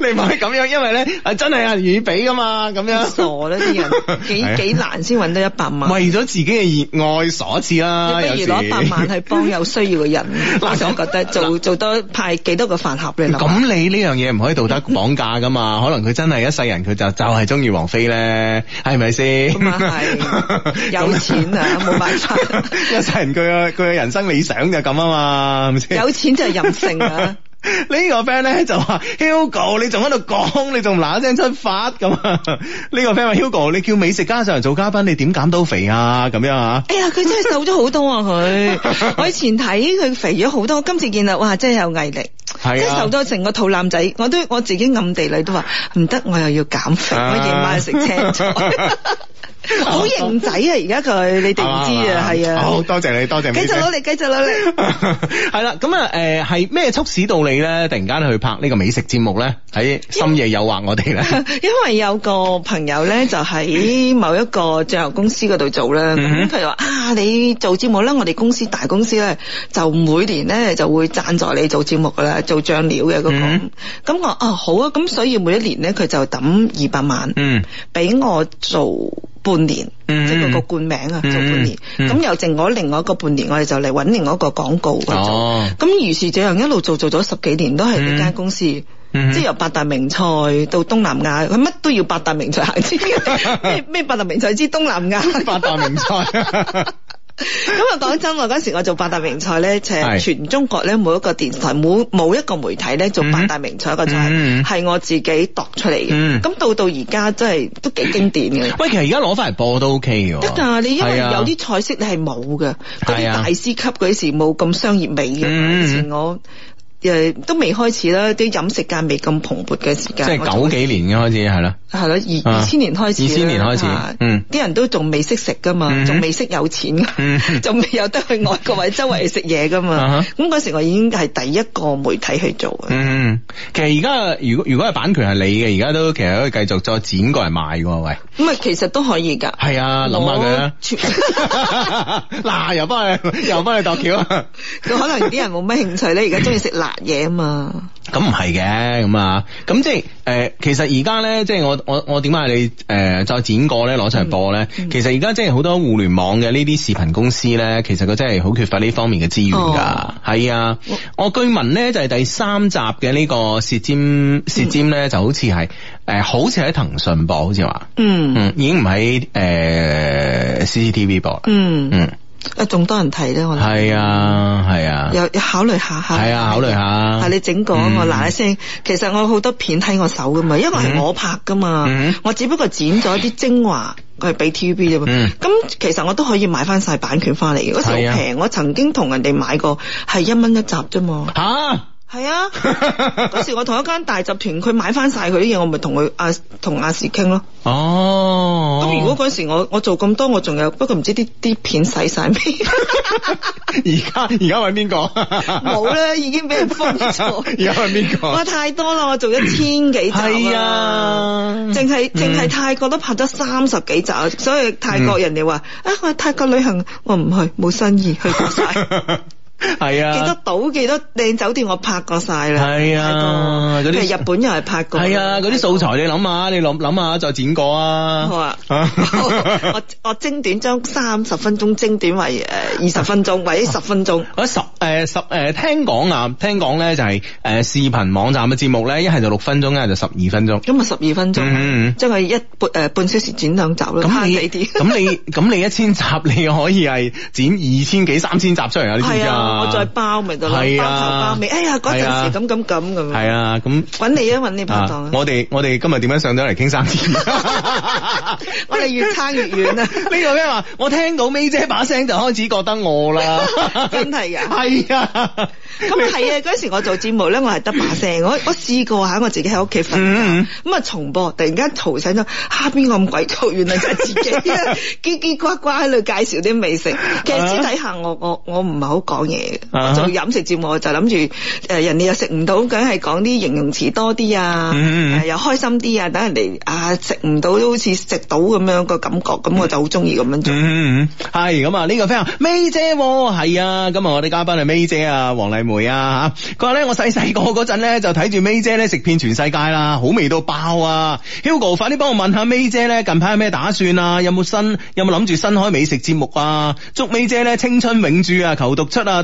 你唔可以咁樣，因為咧係、啊、真係阿如俾噶嘛，咁樣傻咧、啊、啲人幾幾 <laughs> 難先搵到一百萬， <laughs> 為咗自己嘅熱愛傻一次啦、啊，不如攞一百萬去幫有需要嘅人，嗱 <laughs> 我覺得做做多派幾多個飯盒你諗，咁你呢樣嘢唔可以道德綁架噶嘛， <laughs> 可能佢真係一世人佢就就係中意王菲咧，係咪先？係 <laughs> <laughs> <laughs> 有錢啊，冇辦法， <laughs> 一世人佢個佢嘅人生你想就咁啊嘛，有錢就任性啊 <laughs> 呢！呢個 friend 咧就話，Hugo 你仲喺度講，你仲嗱嗱聲出發咁啊？呢 <laughs> 個 friend 話，Hugo 你叫美食家上嚟做嘉賓，你點減到肥啊？咁樣啊？哎呀，佢真係瘦咗好多啊！佢， <laughs> 我以前睇佢肥咗好多，今次見到，哇，真係有毅力， <laughs> 真係瘦咗成個肚腩仔，我都我自己暗地裏都話，唔得，我又要減肥，我夜晚食青菜。好型仔啊！而家佢你哋唔知啊，係啊、 <music> 嗯，好多謝你，多謝繼 <laughs> 續咯，你繼續咯，你係啦，咁啊，誒，係咩促使到你咧？突然間去拍呢個美食節目咧？喺深夜誘惑我哋咧？因為有個朋友咧，就喺某一個醬油公司嗰度做啦。佢話啊，你做節目啦，我哋公司大公司咧，就每年咧就會贊助你做節目噶啦，做醬料嘅嗰、嗰個。咁我啊好啊，咁所以每一年咧，佢就抌二百萬，嗯，俾我做。嗯嗯嗯嗯嗯半年，嗯、即係個冠名啊，做半年，咁、嗯嗯、又剩我另外一個半年，我哋就嚟搵另外一個廣告。咁、哦、於是這樣一路做做咗十幾年，都係呢間公司，嗯嗯、即係由八大名菜到東南亞，佢乜都要八大名菜行知？咩 <laughs> 八大名菜知東南亞，八大名菜。 <laughs> 咁啊，講 <laughs> 真，我嗰時我做八大名菜咧，就係、是、全中國咧，每一個電視台每冇一個媒體咧，做八大名菜個菜、就是、係、嗯嗯、我自己度出嚟嘅。咁、嗯、到到而家真係都幾經典嘅。喂，其實而家攞翻嚟播都 OK 嘅。的確，你因為有啲菜式你係冇嘅，啲、啊、大師級嗰時冇咁商業味嘅。以前、嗯、我。誒，都未開始啦，啲飲食界未咁蓬勃嘅時間。即係九幾年嘅開始係啦。係咯，二二千年開始。二千年開始，嗯，啲人都仲未識食噶嘛，仲未識有錢，仲未有得去外國或者周圍去食嘢噶嘛。咁嗰時我已經係第一個媒體去做。嗯，其實而家如果如果係版權係你嘅，而家都其實可以繼續再剪過嚟賣噶喂。咁啊，其實都可以噶。係啊，諗下佢。嗱，又翻去又翻去度橋。佢可能啲人冇咩興趣咧，而家中意食辣。嘢啊嘛，咁唔係嘅咁啊，咁即係誒，其實而家咧，即係我我我點解你誒、呃、再剪過咧攞出嚟播咧、嗯？其實而家即係好多互聯網嘅呢啲視頻公司咧，其實佢真係好缺乏呢方面嘅資源噶。係、哦、啊，我，我據聞咧就係、是、第三集嘅呢個舌尖舌尖咧就好似係誒，好似喺騰訊播，好似話，嗯，嗯，已經唔喺誒 CCTV 播啦、嗯，嗯。啊，仲多人睇咧，我諗係啊，係啊，又又考慮下下，係啊，考慮下，係你整講我嗱一聲，嗯、其實我好多片喺我手㗎嘛，因為係我拍噶嘛，嗯、我只不過剪咗啲精華，係俾 T V B 啫嘛，咁、 <coughs> 嗯、其實我都可以買翻晒版權翻嚟嘅，嗰時好平，啊、我曾經同人哋買過，係一蚊一集啫嘛。啊係啊，嗰 <laughs> 時我同一間大集團，佢買翻晒佢啲嘢，我咪同佢阿同亞視傾咯哦。哦，咁如果嗰時我我做咁多，我仲有，不過唔知啲啲片洗晒咩？而家而家係邊個？冇啦，已經俾人封咗。而家係邊個？哇，太多啦！我做一千幾集 <laughs> 啊，淨係淨係泰國都拍咗三十幾集、嗯、所以泰國人哋話啊，泰國旅行我唔去，冇新意，去過晒。 <laughs> 係啊，幾多島、幾多靚酒店我拍過晒啦。係啊，嗰啲日本又係拍過。係啊，嗰啲素材你諗下，你諗諗下再剪過啊。我我精短將三十分鐘精短為誒二十分鐘，或者十分鐘。嗰十誒十誒，聽講啊，聽講咧就係誒視頻網站嘅節目咧，一係就六分鐘，一係就十二分鐘。咁啊十二分鐘，即係一半誒半小時剪兩集咯。咁你咁你一千集你可以係剪二千幾三千集出嚟？啊？呢啲啊？我再包咪得咯，啊、包頭包尾，哎呀嗰陣時咁咁咁咁。係啊，咁、嗯、揾你啊，揾你拍檔、啊。我哋我哋今日點樣上到嚟傾生意？ <laughs> <laughs> 我哋越扯越遠啊！呢個咩話？我聽到 May 姐把聲就開始覺得餓啦。 <laughs> <laughs> 真係噶的。係啊，咁係啊，嗰陣時我做節目咧，我係得把聲。我我試過下我自己喺屋企瞓覺，咁啊、嗯嗯、重播，突然間嘈醒咗，吓邊個咁鬼熟？原來就係自己，嘰嘰呱呱喺度介紹啲美食。其實私底下我我我唔係好講嘢。做飲食節目我就諗住誒，人哋又食唔到，梗係講啲形容詞多啲啊、呃，又開心啲啊，等人哋啊食唔到都好似食到咁樣個感覺，咁我就好中意咁樣做。係咁 <music> <music> 啊，呢、呢個 friend，May 姐係啊，啊，今日我哋嘉賓係 May 姐啊，黃麗梅啊吓，佢話咧我細細個嗰陣咧就睇住 May 姐咧食遍全世界啦、啊，好味到爆啊！Hugo，快啲幫我問下 May 姐咧，近排有咩打算啊？有冇新有冇諗住新開美食節目啊？祝 May 姐咧青春永駐啊，求讀出啊！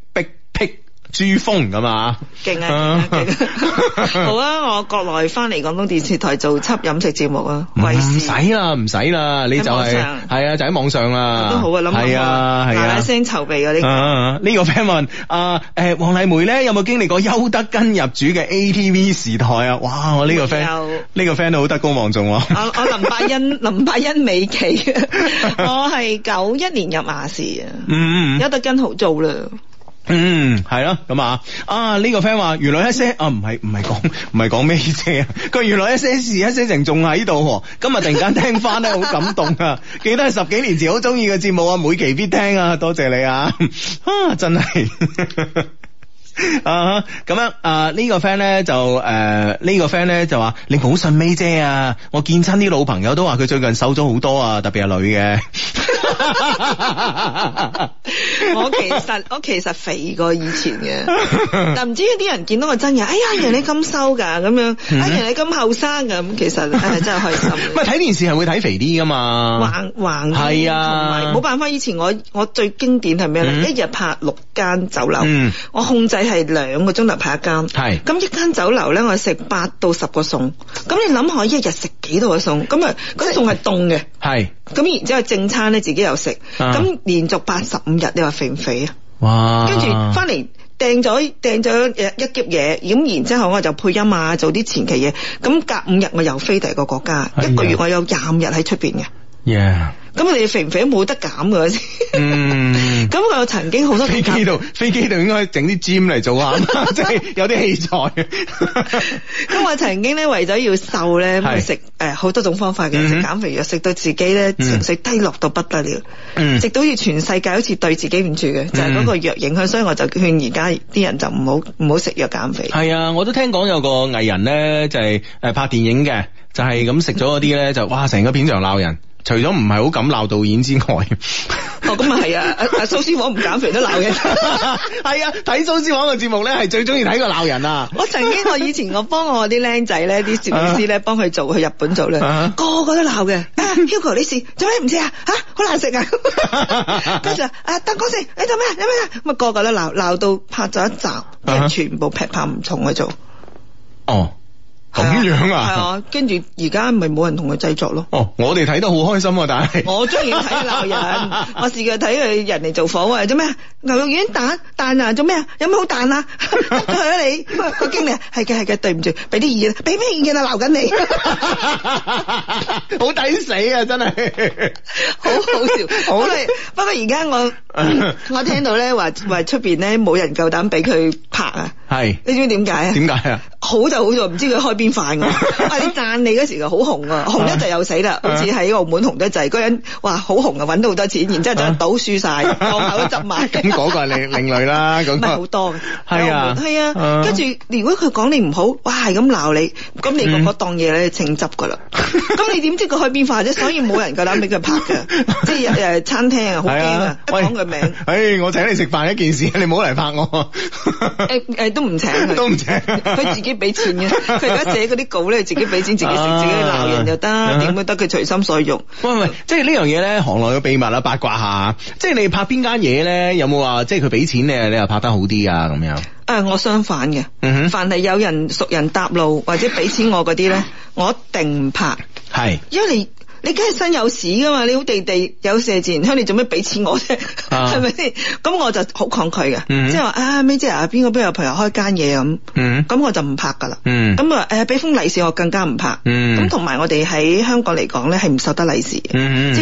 珠峰咁啊，勁啊勁，好啊，我國內翻嚟廣東電視台做輯飲食節目啊，衛視唔使啦，唔使啦，你就係係啊，就喺網上啦，都好啊，諗諗下，喇喇聲籌備噶呢個呢個 friend 問啊，誒，黃麗梅咧有冇經歷過邱德根入主嘅 ATV 時代啊？哇，我呢個 friend 呢個 friend 都好德高望重，我我林柏恩林柏恩美琪，我係九一年入亞視啊，嗯，邱德根好做啦。 <noise> 嗯，係啦，咁啊，啊呢、這個 friend 話原來一些啊唔係唔係講唔係講咩意思啊。佢、啊、原來一些 <noise> 一些事一些情仲喺度，今日突然間聽翻咧，好感動啊！記得係十幾年前好中意嘅節目啊，每期必聽啊，多謝你啊，啊真係。 <laughs> 啊咁樣啊呢個 friend 咧就誒呢、呃這個 friend 咧就話，你好信妹姐啊，我見親啲老朋友都話佢最近瘦咗好多啊，特別係女嘅，我幕傾、哦、其實我其實肥過以前嘅，但唔知啲人見到我真人，哎呀，原來你咁瘦噶，咁樣，哎呀，你咁後生噶，咁其實係、哎、真係開心。唔係睇電視係會睇肥啲噶嘛橫橫係啊，冇辦法。以前我我最經典係咩咧？嗯、一日拍六間酒樓，嗯、我控制。你係兩個鐘頭排一間，係咁是一間酒樓咧，我食八到十個餸，咁你諗下，一日食幾多個餸？咁啊，啲餸係凍嘅，係咁然之後正餐咧自己又食，咁、啊、連續八十五日，你話肥唔肥啊？哇！跟住翻嚟訂咗訂咗一碟嘢，咁然之後我就配音啊，做啲前期嘢，咁隔五日我又飛第二個國家，哎、呀一個月我有廿五日喺出邊嘅。y、yeah. 咁我哋肥唔肥冇得減噶，咁、 <laughs> 嗯、 <laughs> 我曾經好多飛機度，飛機度應該整啲 gym 嚟做,做下，即 <laughs> 係 <laughs> 有啲器材。咁、 <laughs> 嗯嗯、我曾經咧為咗要瘦咧，食誒好多種方法嘅，食減肥藥，食到自己咧情緒低落到不得了，直、嗯、到好似全世界好似對自己唔住嘅，就係、是、嗰個藥影響，所以我就勸而家啲人就唔好唔好食藥減肥。係啊，我都聽講有個藝人咧就係、是、誒拍電影嘅，就係咁食咗嗰啲咧就哇成個片場鬧人。除咗唔係好敢鬧導演之外，哦咁啊係啊，蘇施黃唔減肥都鬧嘅，係啊，睇蘇施黃個節目咧係最中意睇個鬧人啊！我曾經我以前我幫我啲僆仔咧，啲攝影師咧幫佢做 <laughs> 去日本做咧，個個都鬧嘅、啊、，Hugo 你試做咩唔食啊？吓，好難食啊！跟住啊，燈光師你做咩？你咩？咁啊個個都鬧鬧到拍咗一集，全部劈拍唔同去做。 <laughs> 哦。咁樣啊？係 <noise> 啊，跟住而家咪冇人同佢製作咯。哦，我哋睇得好開心啊，但係 <laughs> 我中意睇鬧人，我試過睇佢人嚟做火啊，做咩啊？牛肉丸蛋蛋啊？做咩啊？有咩好彈啊？佢啊，你，個 <laughs> 經理係嘅係嘅，對唔住，俾啲意見，俾咩意見啊？鬧緊你，好抵死啊！真係好好笑，好啦。不過而家我、嗯、我聽到咧話話出邊咧冇人夠膽俾佢拍啊。係，你知唔知點解啊？點解啊？好就好在唔知佢開邊飯㗎。你讚你嗰時就，好紅啊！紅得滯又死啦，好似喺澳門紅得滯，嗰人哇好紅啊，揾到好多錢，然之後就係賭輸曬，檔口都執埋。咁嗰個係另另類啦，咁唔係好多嘅，係啊，係啊。跟住如果佢講你唔好，哇係咁鬧你，咁你個個檔嘢咧清執㗎啦。咁你點知佢開邊飯啫？所以冇人夠膽，俾佢拍㗎。即係誒餐廳啊，好堅啊，一講佢名。誒，我請你食飯一件事，你唔好嚟拍我。都唔請，都唔請。佢自己俾錢嘅，佢而家寫嗰啲稿咧，自己俾錢，自己食，自己鬧人就 <laughs> 得，點會得佢隨心所欲。喂喂就即係呢樣嘢咧，行內嘅秘密啦，八卦下。即係你拍邊間嘢咧，有冇話即係佢俾錢你，你又拍得好啲啊？咁樣。誒、呃，我相反嘅，嗯哼，凡係有人熟人搭路或者俾錢我嗰啲咧， <laughs> 我一定唔拍。係是。因為你，你梗係身有屎噶嘛？你好地地有射箭，香你做咩俾錢我啫？係咪先？咁我就好抗拒嘅，即係話啊，美姐啊，邊個邊個朋友開間嘢咁，咁我就唔拍噶啦。咁啊，誒，俾封利是，我更加唔拍。咁同埋我哋喺香港嚟講咧，係唔受得利是，即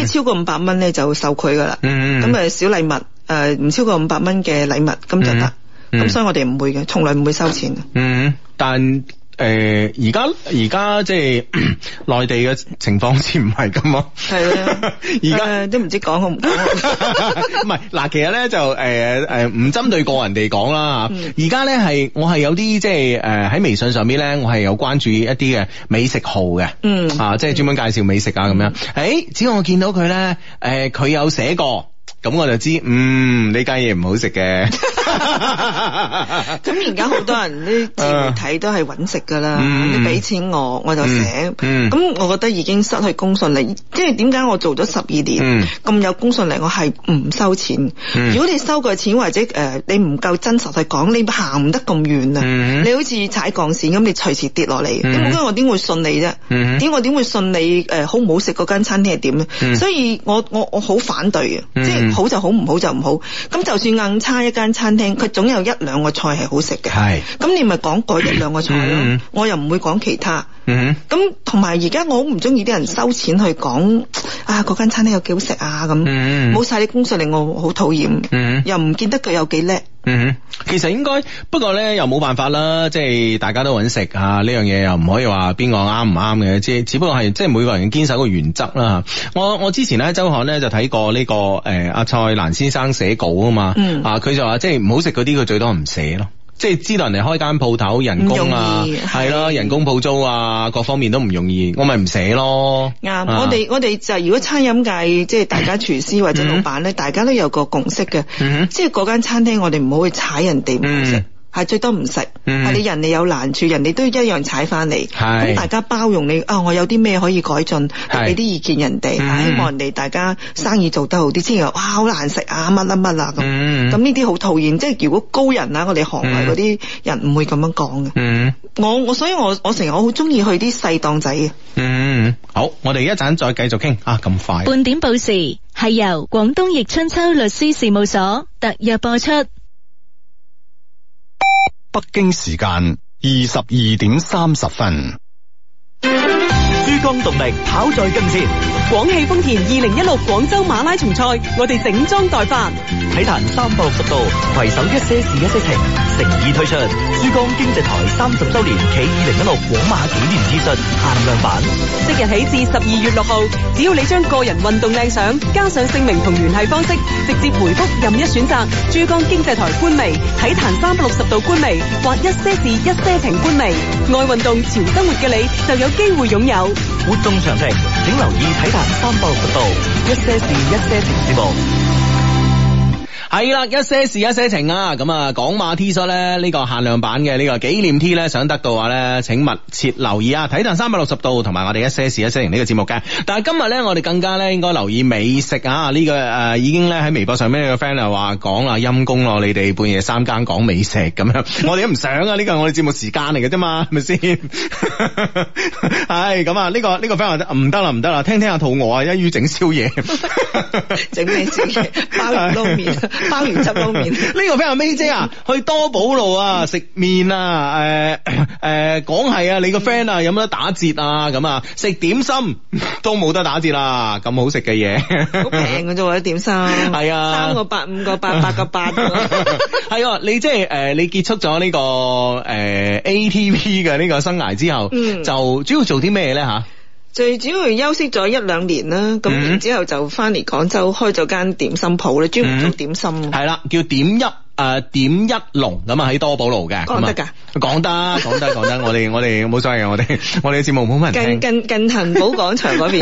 係超過五百蚊咧就受佢噶啦。咁誒，小禮物誒，唔超過五百蚊嘅禮物咁就得。咁所以我哋唔會嘅，從來唔會收錢。但。誒，而家而家即係內地嘅情況先唔係咁咯，係啊，而家 <laughs> 在、呃、都唔知講好唔講好，唔係嗱，其實咧就誒誒唔針對個人哋講啦，而家咧係我係有啲即係誒喺微信上邊咧，我係有關注一啲嘅美食號嘅，嗯啊，即係專門介紹美食啊咁樣，誒、欸，只要我見到佢咧，誒、呃、佢有寫過。咁我就知，嗯，呢間嘢唔好食嘅。咁而家好多人啲自媒體都係揾食噶啦，你俾錢我，我就寫。咁我覺得已經失去公信力，即係點解我做咗十二年咁有公信力，我係唔收錢。如果你收過錢或者誒你唔夠真實去講，你行唔得咁遠啊！你好似踩鋼線咁，你隨時跌落嚟，咁我點會信你啫？點我點會信你誒好唔好食？嗰間餐廳係點咧？所以我我我好反對嘅，即係。好就好，唔好就唔好。咁就算硬差一間餐廳，佢總有一兩個菜係好食嘅。係是，咁你咪講嗰一兩個菜咯。 <coughs> 我又唔會講其他。咁，同埋而家我好唔中意啲人收錢去講啊，嗰間餐廳有幾好食啊，咁、嗯嗯，冇晒啲公信力，令我好討厭，又唔見得佢有幾叻。其實應該，不過呢又冇辦法啦，即係大家都揾食啊，呢樣嘢又唔可以話邊個啱唔啱嘅，只只不過係即係每個人堅守個原則啦。我我之前刊呢，周刊呢就睇過呢、這個誒阿、呃、蔡瀾先生寫稿、嗯、啊嘛，啊佢就話即係唔好食嗰啲，佢最多唔寫咯。即係知道人哋開間鋪頭人工啊，係咯，的的人工鋪租啊，各方面都唔容易，我咪唔寫咯。啱，我哋我哋就如果餐飲界即係大家廚師或者老闆咧， <laughs> 大家都有個共識嘅， <laughs> 即係嗰間餐廳我哋唔好去踩人哋模式。 <laughs> <laughs> 係最多唔食，係你、嗯、人哋有難處，人哋都一樣踩翻嚟。咁是大家包容你啊、哦！我有啲咩可以改進，提啲是意見人哋、嗯哎。希望人哋大家生意做得好啲。之後、嗯、哇，好難食啊，乜乜乜啦咁。咁呢啲好討厭。即係如果高人啊，我哋行內嗰啲人唔會咁樣講嘅。嗯，嗯我我所以我我成日我好中意去啲細檔仔嘅。嗯，好，我哋一陣再繼續傾啊，咁快。半點報時係由廣東易春秋律、律師事務所特約播出。北京時間二十二點三十分。珠江動力跑在跟前，廣汽豐田二零一六廣州馬拉松賽，我哋整裝待發。體壇三百六十度，攜手一些事一些情，誠意推出珠江經濟台三十周年暨二零一六廣馬紀念資訊限量版。即日起至十二月六號，只要你將個人運動靚相加上姓名同聯繫方式，直接回覆任一選擇，珠江經濟台官微、體壇三百六十度官微或一些事一些情官微，愛運動、潮生活嘅你就有機會擁有。活動場地請留意體壇三百六十度，一些事一些情節目。係啦，一些事一些情啊，咁啊，港馬 T 恤咧，呢個限量版嘅呢個紀念 T 咧，想得到話咧，請密切留意啊！睇下三百六十度同埋我哋一些事一些情呢個節目嘅。但係今日咧，我哋更加咧應該留意美食啊！呢個誒，已經咧喺微博上邊嘅 friend 話講啦，陰公咯，你哋半夜三更講美食咁樣，我哋都唔想啊！呢個係我哋節目時間嚟嘅啫嘛，係咪先？係咁啊，呢個呢個 friend 話唔得啦，唔得啦，聽聽阿肚餓啊，一於整宵夜，整咩宵夜？包撈麵。包完汁到麵呢個 friend 阿 May 姐啊，去多寶路啊食麵啊，誒誒講係啊，你個 friend 啊有冇得打折啊？咁啊食點心都冇得打折啦，咁好食嘅嘢好平嘅啫，或 <laughs> 者、啊、點心係 <laughs> 啊，三個八五個八八個八係 <laughs> <laughs> 啊。你即係誒、呃，你結束咗呢、這個誒、呃、A T V 嘅呢個生涯之後，嗯、就主要做啲咩咧？吓？最主要休息咗一兩年啦，咁、嗯、然之後就翻嚟廣州、嗯、開咗間點心鋪咧，專、嗯、門做點心，係啦，叫點一。誒點一龍咁啊喺多寶路嘅，講得㗎，講得講得講得，我哋我哋冇所謂嘅，我哋我哋嘅節目冇乜人聽，近近近恒寶廣場嗰邊，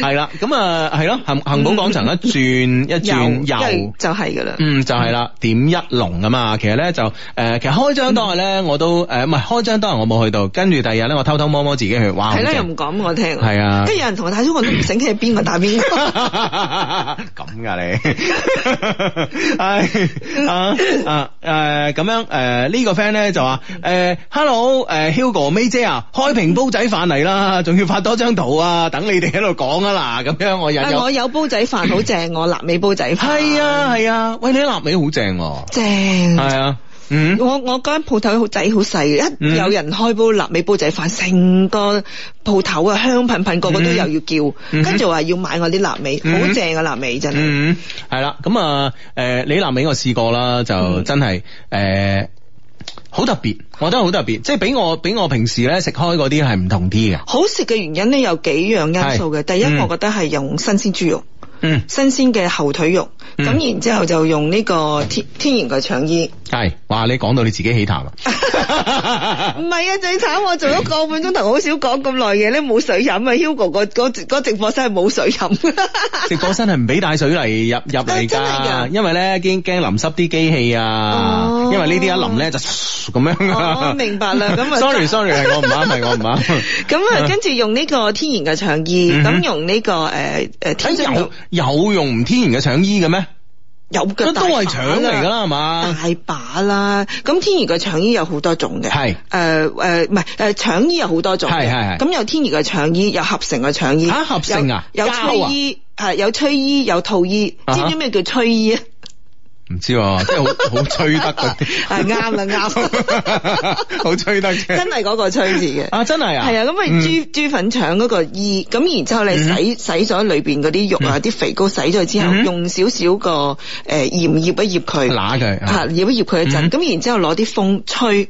係啦，咁啊係咯，恒恆寶廣場一轉一轉右就係㗎啦，就係啦，點一龍啊嘛，其實咧就誒其實開張當日咧我都，誒唔係開張當日我冇去到，跟住第二日咧我偷偷摸摸自己去，玩。係啦，又唔講我聽，係啊，跟住有人同我打招呼，我都唔醒佢係邊個打邊個，咁㗎你，啊誒，咁樣誒呢個 friend 咧就話誒，hello 誒，Hugo 妹姐啊，呃呃這個呃 Hello, 呃、Hugo, 姐開平煲仔飯嚟啦，仲要發多張圖啊，等你哋喺度講啊啦，咁樣我有、呃、我有煲仔飯好正， <laughs> 我臘味煲仔飯係啊係啊，喂你啲臘味好正正係啊。正嗯、mm hmm.，我我間鋪頭好仔好細嘅，一有人開煲臘味煲仔飯，成個鋪頭啊香噴噴，個個都又要叫，跟住話要買我啲臘味，好、mm hmm. 正嘅、啊、臘味真係。嗯、mm，係、hmm. 啦，咁啊，誒、呃，你臘味我試過啦，就真係誒，好、mm hmm. 呃、特別，我覺得好特別，即係俾我俾我平時咧食開嗰啲係唔同啲嘅。好食嘅原因咧有幾樣因素嘅，是第一、mm hmm. 我覺得係用新鮮豬肉。嗯，新鮮嘅後腿肉，咁、嗯、然之後就用呢個天天然嘅腸衣，係，哇！你講到你自己起痰啦，唔 <laughs> 係 <laughs> 啊，最慘我做咗個半鐘頭，好少講咁耐嘢。咧冇水飲啊，Hugo 個直播室係冇水飲，直播室係唔俾帶水嚟入入嚟噶，因為咧驚驚淋濕啲機器啊，因為呢啲一、哦、一淋咧就咁樣我、 <laughs> 哦、明白啦，咁啊，sorry sorry，唔啱我唔啱，咁啊，跟住用呢個天然嘅腸衣，咁、嗯、哼用呢、這個誒誒、呃、天然。呃有用唔天然嘅腸衣嘅咩？有嘅都係腸嚟噶啦係嘛？大把啦，咁天然嘅腸衣有好多種嘅。係誒誒，唔係誒，呃呃呃呃呃、腸衣有好多種。係係係。咁有天然嘅腸衣，有合成嘅腸衣。吓、啊，合成啊？有，有催衣係、啊，有催衣，有套衣，衣。知唔知咩叫催衣啊？ <laughs> 唔知，即係好好吹得嗰啲，係啱啦啱，好吹得真係嗰個吹字嘅，啊真係啊，係啊，咁啊豬豬粉腸嗰個意，咁然之後你洗洗咗裏邊嗰啲肉啊，啲肥膏洗咗之後，用少少個誒鹽醃一醃佢，攋佢，嚇醃一醃佢一陣，咁然之後攞啲風吹。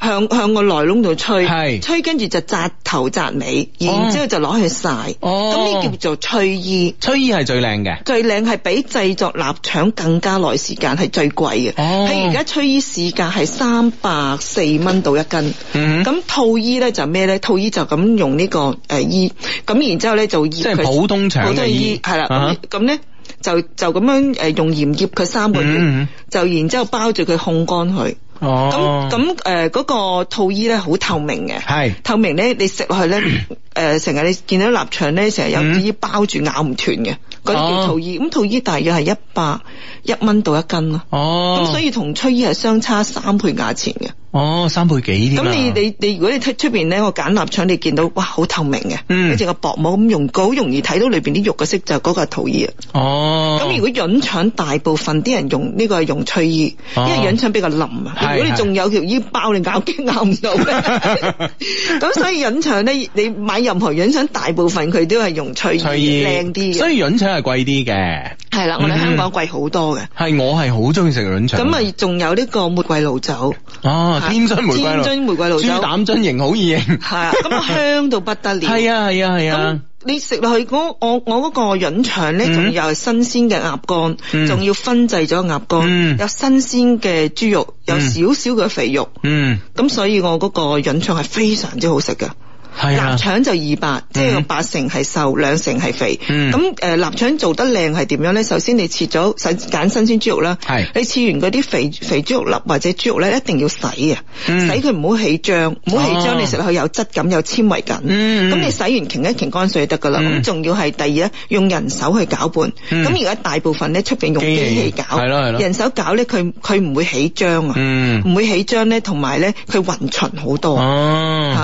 向向個內窿度吹，係是吹，跟住就紮頭紮尾，哦、然之後就攞去曬，咁呢、哦、叫做吹衣。吹衣係最靚嘅，最靚係比製作臘腸更加耐時間，係最貴嘅。喺而家吹衣市價係三百四蚊到一斤。咁、嗯、哼套衣咧就咩咧？套衣就咁用呢、呢個誒衣，咁、呃、然之後咧就醃，即係普通腸普通衣，係啦。咁咧、嗯、哼就就咁樣誒用鹽醃佢三個月，就、嗯、然之後包住佢烘乾佢。咁咁誒嗰個套衣咧好透明嘅。是透明咧，你食落去咧，誒成日你見到臘腸咧，成日有啲包住咬唔斷嘅嗰啲叫套衣，咁、嗯、套衣大約係一百一蚊到一斤咯，咁、哦、所以同粗衣係相差三倍價錢嘅。哦，三倍幾啲。咁你你你如果你出出邊咧，我揀臘腸，你見到哇，好透明嘅，好似個薄膜咁，容好容易睇到裏邊啲肉嘅色，就嗰個桃衣啊。哦。咁如果潤腸大部分啲人用呢個係用脆衣，因為潤腸比較腍啊。如果你仲有條衣包，你咬都咬唔到。咁所以潤腸咧，你買任何潤腸，大部分佢都係用脆衣，靚啲。所以潤腸係貴啲嘅。係啦，我哋香港貴好多嘅。係我係好中意食潤腸。咁啊，仲有呢個玫瑰露酒。啊。天津玫瑰，天津玫瑰露，豬膽樽型好易型，係 <laughs> <laughs> 啊，咁香到不得了，係啊係啊係啊，啊啊嗯、你食落去，我我，我個膶腸，咧，仲有新鮮嘅鴨肝，仲、嗯、要分製咗鴨肝，嗯、有新鮮嘅豬肉，有少少嘅肥肉，咁、嗯嗯、所以我嗰個膶腸係非常之好食嘅。係臘腸就二八，即係八成係瘦，兩成係肥。咁誒，臘腸做得靚係點樣咧？首先你切咗，使揀新鮮豬肉啦。係你切完嗰啲肥肥豬肉粒或者豬肉咧，一定要洗啊，洗佢唔好起漿，唔好起漿，你食落去有質感，有纖維感。咁你洗完，擎一擎乾水就得噶啦。咁仲要係第二咧，用人手去攪拌。咁而家大部分咧，出邊用機器攪，人手攪咧，佢佢唔會起漿啊，唔會起漿咧，同埋咧，佢勻巡好多。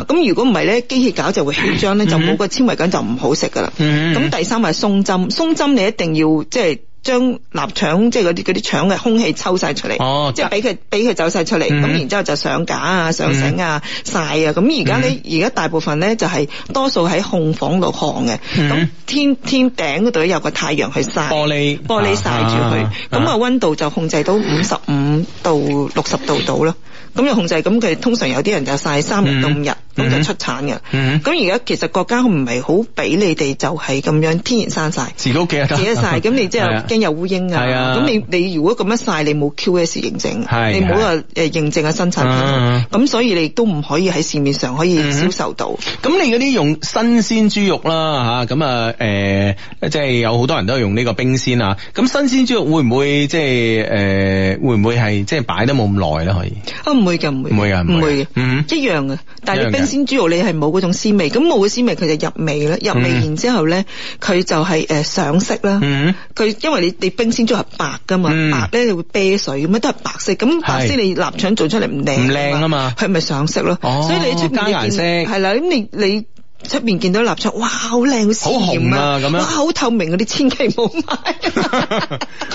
咁如果唔係咧，膠就會起張咧， <noise> 就冇個纖維感，就唔好食噶啦。咁 <noise> 第三係松針，鬆針你一定要即係。就是將臘腸即係嗰啲嗰啲腸嘅空氣抽晒出嚟，即係俾佢俾佢走晒出嚟，咁然之後就上架啊、上繩啊、晒啊，咁而家咧而家大部分咧就係多數喺控房度烘嘅，咁天天頂嗰度有個太陽去晒，玻璃玻璃晒住佢。咁個溫度就控制到五十五到六十度度啦，咁又控制咁佢通常有啲人就晒三日到五日，咁就出產嘅，咁而家其實國家唔係好俾你哋就係咁樣天然生晒，自己自晒，咁你之後。驚有烏蠅啊，咁你你如果咁樣曬，你冇 QS 認證，你冇話誒認證嘅生產，咁所以你亦都唔可以喺市面上可以銷售到。咁你嗰啲用新鮮豬肉啦，吓咁啊誒，即係有好多人都係用呢個冰鮮啊。咁新鮮豬肉會唔會即係誒會唔會係即係擺得冇咁耐咧？可以？啊唔會嘅，唔會嘅，唔會嘅，一樣嘅。但係你冰鮮豬肉你係冇嗰種鮮味，咁冇嗰鮮味，佢就入味啦。入味然之後咧，佢就係誒上色啦。佢因為。你你冰鮮粥係白噶嘛。嗯、白咧，你會啤水咁樣都係白色，咁是白色你臘腸做出嚟唔靚唔靚啊嘛，佢咪上色咯，哦、所以你出邊啲顏色係啦，咁你你。你出面見到臘腸，哇，好靚，好紅啊，咁樣，哇，好透明嗰啲，千祈唔好買。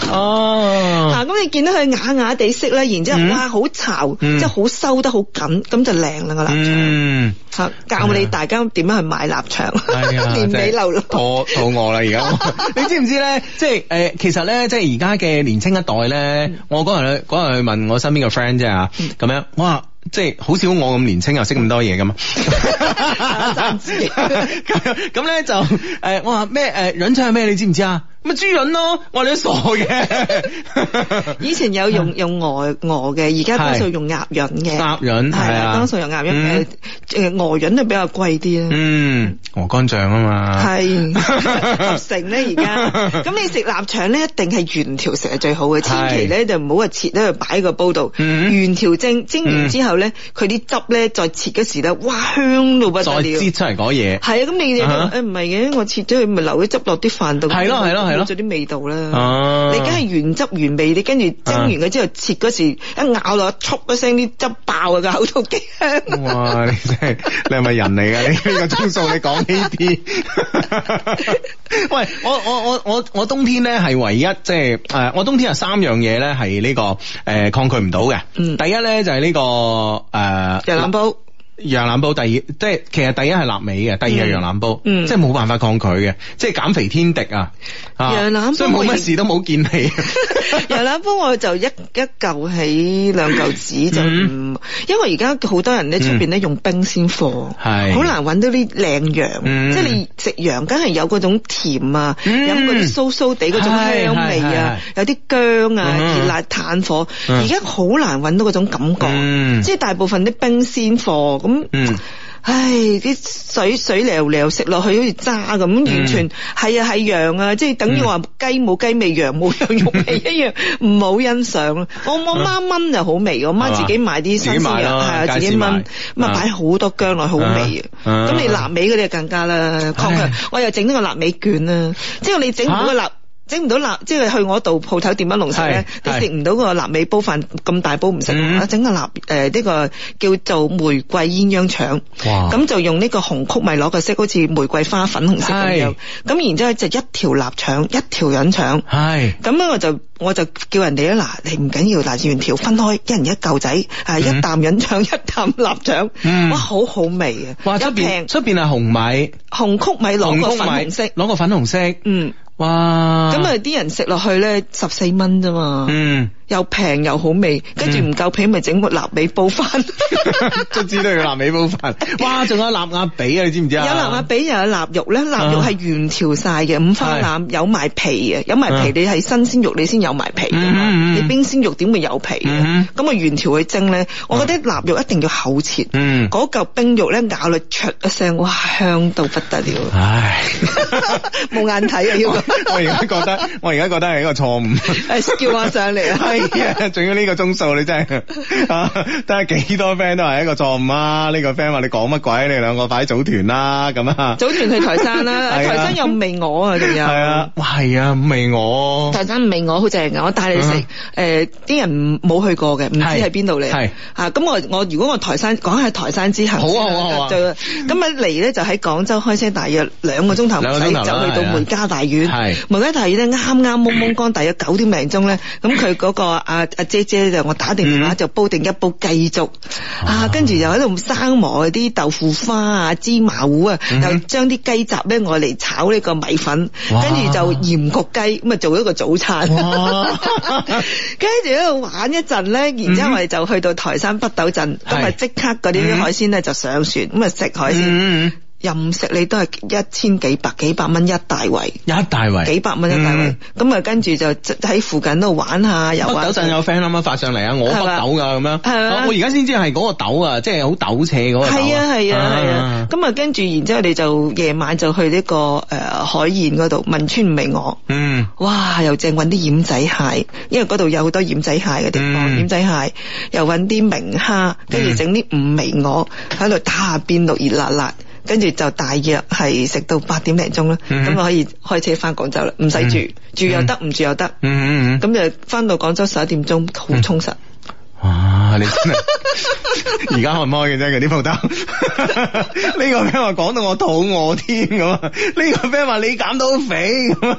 哦，嗱，咁你見到佢啞啞地色咧，然之後，哇，好巢，即係好收得好緊，咁就靚啦個臘腸。嗯，教你大家點樣去買臘腸。年尾流肚肚餓啦，而家。你知唔知咧？即係誒，其實咧，即係而家嘅年輕一代咧，我嗰日去嗰日去問我身邊個 friend 啫嚇，咁樣，哇！即係好少我咁年輕又識咁多嘢，噶嘛，唔知咁咧，就誒我話，咩誒忍者係咩？你知唔知啊？咁咪豬膶咯，我話你都傻嘅。以前有用用鵝鵝嘅，而家多數用鴨膶嘅。鴨膶係啊，多數用鴨膶嘅。誒鵝膶都比較貴啲啦。嗯，鵝肝醬啊嘛。係合成咧，而家。咁你食臘腸咧，一定係原條食係最好嘅。千祈咧就唔好話切咗喺個煲度。嗯。原條蒸蒸完之後咧，佢啲汁咧再切嗰時咧，哇香到不得了。再擠出嚟嗰嘢。係啊，咁你誒唔係嘅，我切咗佢咪留啲汁落啲飯度。係咯，係咯，係。咗啲味道啦，啊、你梗係原汁原味，你跟住蒸完佢之後切嗰時，啊、一咬落，一噗一聲啲汁爆啊，個口都驚。哇！你真係 <laughs> 你係咪人嚟㗎？你呢個鐘數你講呢啲？ <laughs> 喂，我我我我我冬天咧係唯一即係誒，我冬天有、即係、三樣嘢咧係呢個誒、呃、抗拒唔到嘅。嗯、第一咧就係呢、這個誒、熱、呃、腩煲。羊腩煲第二，即係其實第一係臘味嘅，第二係羊腩煲，即係冇辦法抗拒嘅，即係減肥天敵啊！羊腩煲，所以冇乜事都冇見你。羊腩煲我就一一嚿起兩嚿紙就唔，因為而家好多人咧出邊咧用冰鮮貨，係好難搵到啲靚羊，即係你食羊梗係有嗰種甜啊，有嗰啲酥酥地嗰種香味啊，有啲薑啊，熱辣炭火，而家好難搵到嗰種感覺，即係大部分啲冰鮮貨。咁，唉，啲水水流流食落去好似渣咁，完全係啊係羊啊，即係等於我話雞冇雞味，羊冇羊肉味一樣，唔好欣賞咯。我我媽炆就好味，我媽自己買啲新鮮嘢，係啊自己炆，咁啊擺好多薑落去好味啊。咁你臘味嗰啲就更加啦，的確，我又整呢個臘味卷啦，即係你整好個臘。整唔到臘，即係去我度鋪頭點乜龍食咧？你食唔到個臘味煲飯咁大煲唔食得啦，整個臘誒，呢個叫做玫瑰鴛鴦腸。哇！咁就用呢個紅曲米攞個色，好似玫瑰花粉紅色咁樣。咁然之後就一條臘腸，一條潤腸。係咁樣我就我就叫人哋咧，嗱，你唔緊要，嗱，原條分開，一人一嚿仔，係一啖潤腸，一啖臘腸。哇，好好味啊！哇，出邊出邊係紅米，紅曲米攞個粉紅色，攞個粉紅色。嗯。哇！咁啊，啲人食落去咧，十四蚊啫嘛。嗯。又平又好味，跟住唔夠皮咪整塊臘味煲飯，都知都要臘味煲飯。哇，仲有臘鴨髀啊，你知唔知啊？有臘鴨髀又有臘肉咧，臘肉係原條晒嘅，五花腩是有埋皮嘅，有埋皮、啊、你係新鮮肉你先有埋皮嘅嘛，你，嗯嗯嗯嗯你冰鮮肉點會有皮？咁啊原條去蒸咧，我覺得臘肉一定要厚切，嗯，嗰嚿冰肉咧咬落灼一聲，哇，香到不得了。唉，冇 <laughs> <laughs> 眼睇啊要。 <laughs> <laughs> 我而家覺得，我而家覺得係一個錯誤。誒，叫我上嚟啊！仲要呢個鐘數，你真係都係幾多 friend 都係一個錯誤啊！呢個 friend 話你講乜鬼？你哋兩個快啲組團啦咁啊！組團去台山啦，台山又味鵝啊咁樣。係啊，係啊，味鵝。台山味鵝好正噶，我帶你食。誒，啲人冇去過嘅，唔知喺邊度嚟。係啊，咁我我如果我台山講下台山之行，好啊好啊。就咁一嚟咧，就喺廣州開車大約兩個鐘頭唔使，就去到梅家大院。係梅家大院咧，啱啱蒙蒙光，大約九點零鐘咧，咁佢嗰個。阿阿、啊、姐姐就我打定電話、嗯、就煲定一煲雞粥。哇啊，跟住又喺度生磨啲豆腐花啊芝麻糊啊，又、嗯、將啲雞雜咧攞嚟炒呢個米粉，跟住哇就鹽焗雞咁啊做一個早餐。跟住喺度玩一陣咧，嗯、然之後我哋就去到台山北斗鎮，咁啊即刻嗰啲海鮮咧就上船，咁啊食海鮮。嗯任食你都係一千幾百幾百蚊一大圍，一大圍，幾百蚊一大圍。咁啊，跟住、嗯、就喺附近度玩下，又北斗鎮有 friend 啱啱發上嚟啊，我北斗噶咁吧樣。吧我而家先知係嗰個、就是、斗個啊，即係好斗斜嗰個斗。係啊，係啊，係啊。咁啊，跟住然之後，我就夜晚就去呢、這個誒、呃、海燕嗰度，汶川明鵝。嗯。哇，又正搵啲蜆仔蟹，因為嗰度有好多蜆仔蟹嘅地方，蜆、嗯、仔蟹又搵啲明蝦，跟住整啲五味鵝，喺度打下邊爐熱辣辣。跟住就大約係食到八點零鐘啦，咁、嗯、哼就可以開車翻廣州啦，唔使住，住又得，唔住又得。嗯嗯嗯。咁、嗯嗯、就翻到廣州十一點鐘，好充實。啊、嗯！你而家開唔開嘅啫，嗰啲鋪頭？呢、呢個 friend 話講到我肚餓添咁，呢、呢個 friend 話你減到肥咁。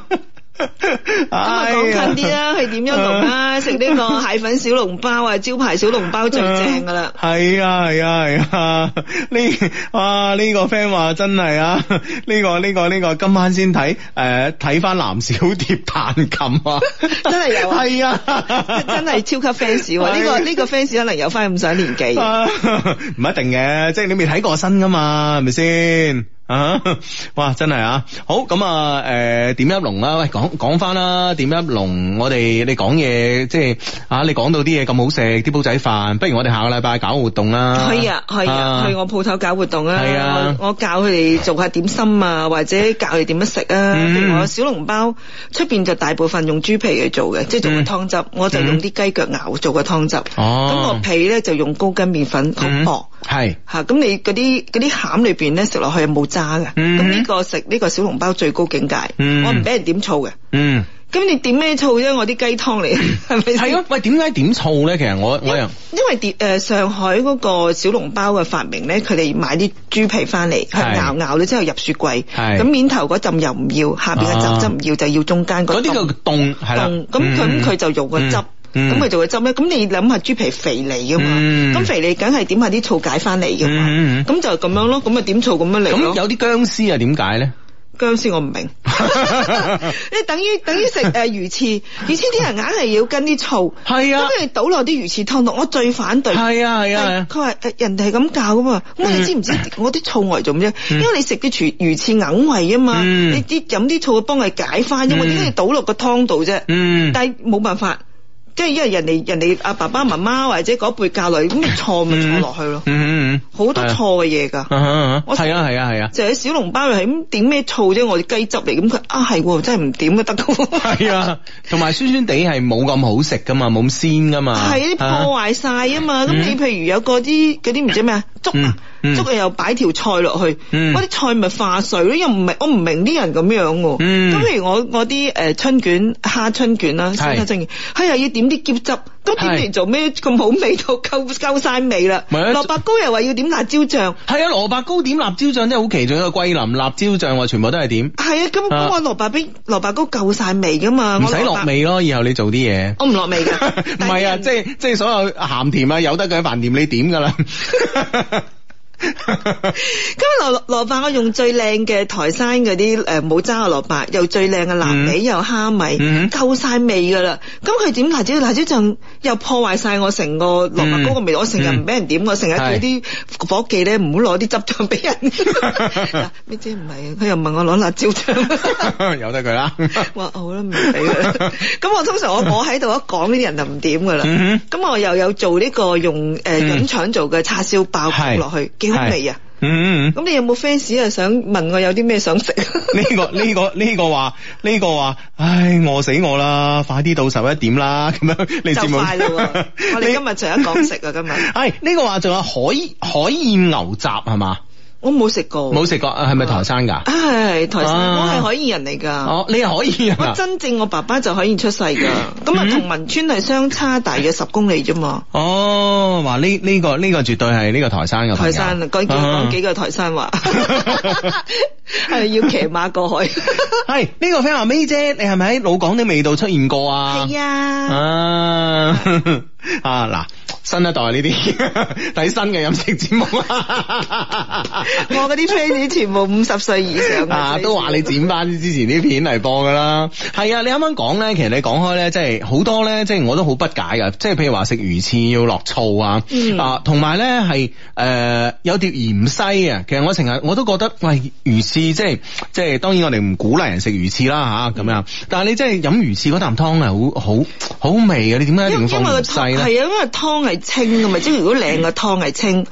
今日講近啲啦，係點、哎、呀樣用啊？食呢個蟹粉小籠包啊， <laughs> 招牌小籠包最正噶啦。係啊，係啊，係啊，呢、這個、哇呢、這個 friend 話真係啊，呢、這個呢、這個呢、這個這個今晚先睇誒，睇、呃、翻藍小蝶彈琴啊！真係有，係啊，真係超級 fans、這個。呢 <laughs> 呀個呢個 fans 可能有翻咁上年紀，唔 <laughs> 一定嘅，即、就、係、是、你未睇過新噶嘛，係咪先？啊，哇，真係啊，好咁啊，誒，點一籠啦，喂，講講翻啦，點一籠，我哋你講嘢，即係啊，你講到啲嘢咁好食，啲煲仔飯，不如我哋下個禮拜搞活動啦，係啊，係啊，去我鋪頭搞活動啊，係啊，我教佢哋做下點心啊，或者教佢哋點樣食啊，譬如我小籠包，出邊就大部分用豬皮去做嘅，即係做個湯汁，我就用啲雞腳熬做個湯汁，哦，咁個皮咧就用高筋麵粉好薄，係，吓，咁你嗰啲嗰啲餡裏邊咧食落去有冇。渣嘅，咁呢個食呢個小籠包，最高境界，我唔俾人點醋嘅，咁你點咩醋啫？我啲雞湯嚟，係咪先？係咯，喂，點解點醋咧？其實我我又因為點誒上海嗰個小籠包嘅發明咧，佢哋買啲豬皮翻嚟，係咬咬咗之後入雪櫃，咁面頭嗰浸油唔要，下邊嘅汁汁唔要，就要中間嗰啲嘅凍，凍，咁咁佢就用個汁。咁咪就去浸咧？咁你諗下豬皮肥膩噶嘛？咁肥膩梗係點下啲醋解翻嚟噶嘛？咁就咁樣咯。咁咪點醋咁樣嚟咯？有啲薑絲啊？點解咧？薑絲我唔明。你等於等於食誒魚翅，以前啲人硬係要跟啲醋。係啊，咁咪倒落啲魚翅湯度。我最反對。係啊係啊。佢話人哋係咁教噶嘛？咁你知唔知？我啲醋外做咩？因為你食啲魚翅硬胃啊嘛。你啲飲啲醋幫佢解翻啫嘛，跟住倒落個湯度啫。但係冇辦法。即係因為人哋人哋阿爸爸媽媽或者嗰輩教來咁錯咪錯落去咯，好、嗯嗯嗯、多錯嘅嘢噶。我係啊係啊係啊，就喺小籠包咪係咁點咩醋啫？我哋雞汁嚟，咁，佢啊係，真係唔點都得噶。係啊，同埋酸酸地係冇咁好食噶嘛，冇咁鮮噶嘛。係、啊，啲破壞晒啊嘛。咁你譬如有個啲嗰啲唔知咩啊粥。捉佢、嗯、又擺條菜落去，嗰啲、嗯、菜咪化水咯。又唔明，我唔明啲人咁樣、啊。咁譬、嗯、如我我啲誒春卷、蝦春卷啦，蝦春卷，佢又是、啊、要點啲醬汁。咁點嚟做咩咁好味道，夠夠晒味啦？蘿蔔、啊、糕又話要點辣椒醬。係啊，蘿蔔糕點辣椒醬真係好奇。仲有桂林辣椒醬，話全部都係點。係啊，咁我蘿蔔餅、蘿蔔糕夠晒味噶嘛？唔使落味咯，以後你做啲嘢。我唔落味噶，唔係 <laughs> 啊，人即係即係所有鹹甜啊，有得嘅飯店你點噶啦。 <laughs> 咁啊羅卜我用最靚嘅台山嗰啲誒冇渣嘅羅卜，又最靚嘅臘味又蝦米，夠晒味噶啦。咁佢點辣椒辣椒醬又破壞晒我成個羅卜糕個味道。嗯我，我成日唔俾人點我，成日叫啲伙計咧唔好攞啲汁醬俾人。阿咩唔係啊，佢、啊、又問我攞辣椒醬， <laughs> 由得佢啦。我 <laughs> 好啦，唔俾佢。 <laughs> 」咁 <laughs> <laughs> 我通常我坐喺度一講呢啲人就唔點噶啦。咁、嗯、哼我又有做呢個用誒整腸做嘅叉燒爆焗落去。嗯 <laughs> 味啊！嗯，嗯，咁你有冇 fans 啊？想問我有啲咩想食？呢 <laughs> 、呢個呢、呢個呢個話呢個話，唉、這個哎，餓死我啦！快啲到十一點啦，咁樣你節目就快啦！我哋、 <laughs> 啊、今日除咗講食啊，今日，係呢、 <laughs> 呢個話仲有海海燕牛雜係嘛？我冇食過，冇食過啊！係咪台山噶？啊，係係台山，我係海義人嚟噶。哦，你係海義人，我真正我爸爸就海義出世噶。咁啊，同文村係相差大約十公里啫嘛。哦，話呢呢個呢個絕對係呢個台山噶台山啊！講幾個台山話，係要騎馬過去。係呢個 friend 話咩啫？你係咪喺老港啲味道出現過啊？係啊。啊嗱。新一代呢啲睇新嘅飲食節目啊！我嗰啲 friend 全部五十歲以上啊，都話你剪翻之前啲片嚟播噶啦。係啊，你啱啱講咧，其實你講開咧，即係好多咧，即係我都好不解噶。即係譬如話食魚翅要落醋啊，啊，同埋咧係誒有碟芫茜啊。其實我成日我都覺得，喂，魚翅即係即係當然我哋唔鼓勵人食魚翅啦吓，咁樣。但係你即係飲魚翅嗰啖湯係好好好味啊。你點解一定要放芫茜咧？係啊，因為湯係，清噶嘛，即係如果靚嘅湯係清，誒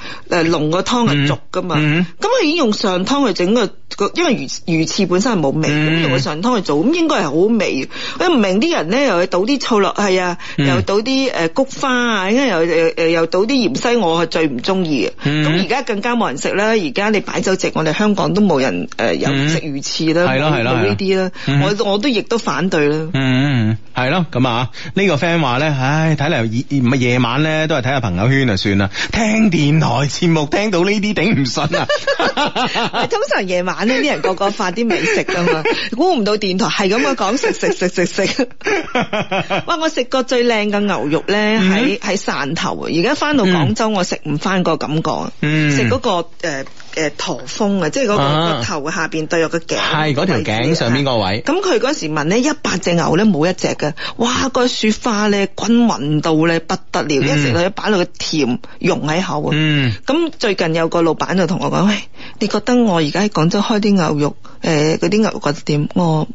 濃嘅湯係濁噶嘛。咁佢已經用上湯嚟整個，因為魚魚翅本身係冇味，咁用個上湯嚟做，咁應該係好味。佢唔明啲人咧，又去倒啲醋落。係啊，又倒啲誒菊花啊，咁啊又又誒又倒啲芫茜，我係最唔中意嘅。咁而家更加冇人食啦，而家你擺酒席，我哋香港都冇人誒又食魚翅啦，係咯係咯，冇呢啲啦，我我都亦都反對啦。嗯，係咯，咁啊，呢個 friend 話咧，唉，睇嚟又唔係夜晚咧都。睇下朋友圈就算啦。聽電台節目聽到呢啲頂唔順啊。通常夜晚呢啲人個個發啲美食噶嘛，估唔到電台係咁嘅講食食食食食。哇！我食過最靚嘅牛肉咧，喺喺汕頭啊。而家翻到廣州，我食唔翻個感覺。食嗰個誒誒駝峯啊，即係嗰個頭下邊對住個頸，係嗰條頸上邊嗰位。咁佢嗰時問咧，一百隻牛咧冇一隻嘅。哇！個雪花咧均勻到咧不得了，一食把落個甜融喺口啊！咁、嗯、最近有個老闆就同我講：喂、嗯哎，你覺得我而家喺廣州開啲牛肉，誒、呃，嗰啲牛肉店我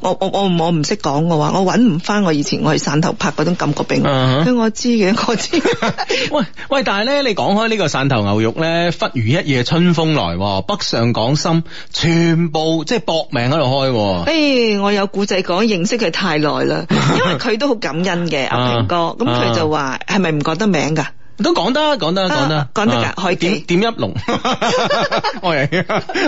我我我我唔識講嘅話，我搵唔翻我以前我喺汕頭拍嗰種感覺俾我，uh huh. 我，我知嘅， <laughs> 我知。喂喂，但係咧，你講開呢個汕頭牛肉咧，忽如一夜春風來，哦、北上廣深全部即係搏命喺度開。誒、哦哎，我有古仔講，認識佢太耐啦，因為佢都好感恩嘅、uh huh. 阿平哥，咁佢就話係咪唔覺得名噶？都講得，講得，講得，講得㗎，可以點點一籠，我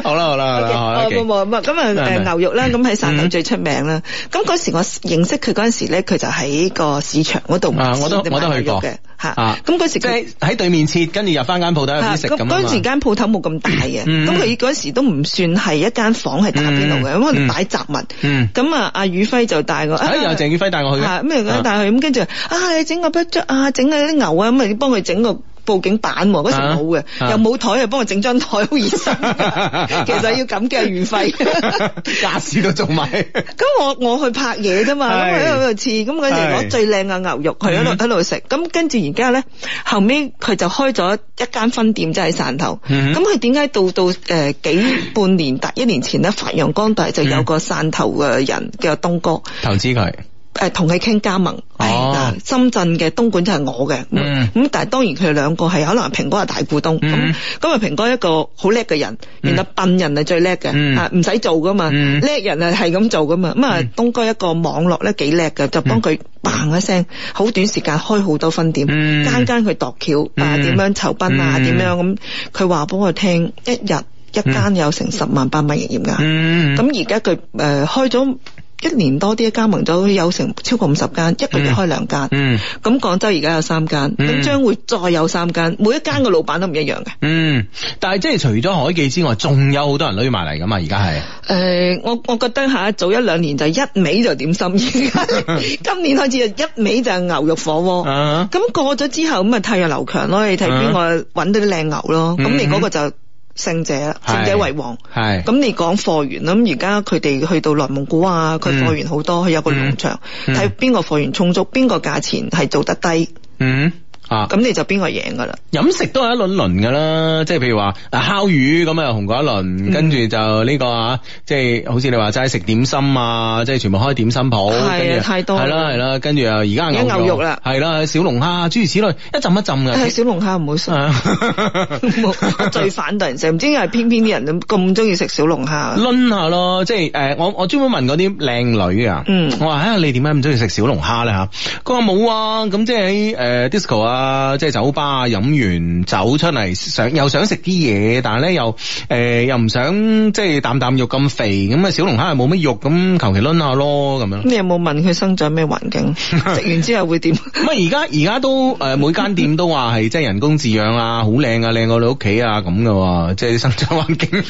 好啦，好啦，好啦，咁啊，誒，牛肉啦，咁喺汕頭最出名啦。咁嗰時我認識佢嗰陣時咧，佢就喺個市場嗰度我都我都去過嘅，嚇。咁嗰時就喺對面切，跟住入翻間鋪頭去食咁啊。嗰陣時間鋪頭冇咁大嘅，咁佢嗰時都唔算係一間房係打邊爐嘅，咁因為擺雜物。咁啊，阿宇輝就帶我，啊，又係鄭宇輝帶我去嘅，咁樣咁跟住啊，整個不啊，整下啲牛啊，咁啊，幫佢。整個布景板，嗰時冇嘅，啊，又冇台，又幫我整張台，好熱心。其實要感激免費，假使 <laughs> 都仲埋。咁我我去拍嘢啫嘛，咁喺度黐，咁佢哋攞最靚嘅牛肉，喺度喺度食。咁跟住而家咧，後尾佢就開咗一間分店，即係汕頭。咁佢點解到到誒幾半年達 <laughs> 一年前咧發揚光大，就有個汕頭嘅人，嗯、叫做東哥投資佢。誒，同佢傾加盟，嗱，深圳嘅東莞就係我嘅，咁但係當然佢哋兩個係可能平哥係大股東，咁咁啊平哥一個好叻嘅人，原來笨人係最叻嘅，啊唔使做噶嘛，叻人啊係咁做噶嘛，咁啊東哥一個網絡咧幾叻嘅，就幫佢嘭一聲，好短時間開好多分店，間間佢度橋啊，點樣酬賓啊，點樣咁，佢話俾我聽，一日一間有成十萬八蚊營業額，咁而家佢誒開咗。一年多啲加盟咗有成超過五十間，嗯、一個月開兩間。嗯，咁廣州而家有三間，咁、嗯、將會再有三間，每一間嘅老闆都唔一樣嘅。嗯，但係即係除咗海記之外，仲有好多人攆埋嚟㗎嘛？而家係誒，我我覺得下早一兩年就一味就點心，而家 <laughs> 今年開始啊，一味就牛肉火鍋。咁、uh huh。過咗之後咁啊，太陽劉強咯，你睇邊個揾到啲靚牛咯？咁、uh huh。你嗰個就。勝者啦，勝是者為王。係咁是你講貨源，咁而家佢哋去到內蒙古啊，佢貨源好多，佢有、嗯、個農場，睇邊個貨源充足，邊個價錢係做得低。嗯。啊，咁你就邊個贏噶啦？飲食都係一輪輪噶啦，即係譬如話，嗱，烤魚咁啊，紅過一輪，跟住就呢個啊，即係好似你話齋食點心啊，即係全部開點心鋪，係啊，太多，係啦係啦，跟住啊而家牛牛肉啦，係啦，小龍蝦諸如此類，一浸一浸嘅，係小龍蝦唔好食，最反對食，唔知點解偏偏啲人咁中意食小龍蝦。掄下咯，即係誒，我我專門問嗰啲靚女啊，嗯，我話，你點解唔中意食小龍蝦咧吓？佢話冇啊，咁即係誒 disco 啊。啊、呃，即係酒吧飲完酒出嚟想又想食啲嘢，但係咧又誒又唔想即係啖啖肉咁肥，咁啊小龍蝦又冇乜肉，咁求其攆下咯咁樣。你有冇問佢生長咩環境？食 <laughs> 完之後會點？唔而家而家都誒、呃、每間店都話係即係人工飼養啊，好靚啊，靚過你屋企啊咁嘅，即係生長環境。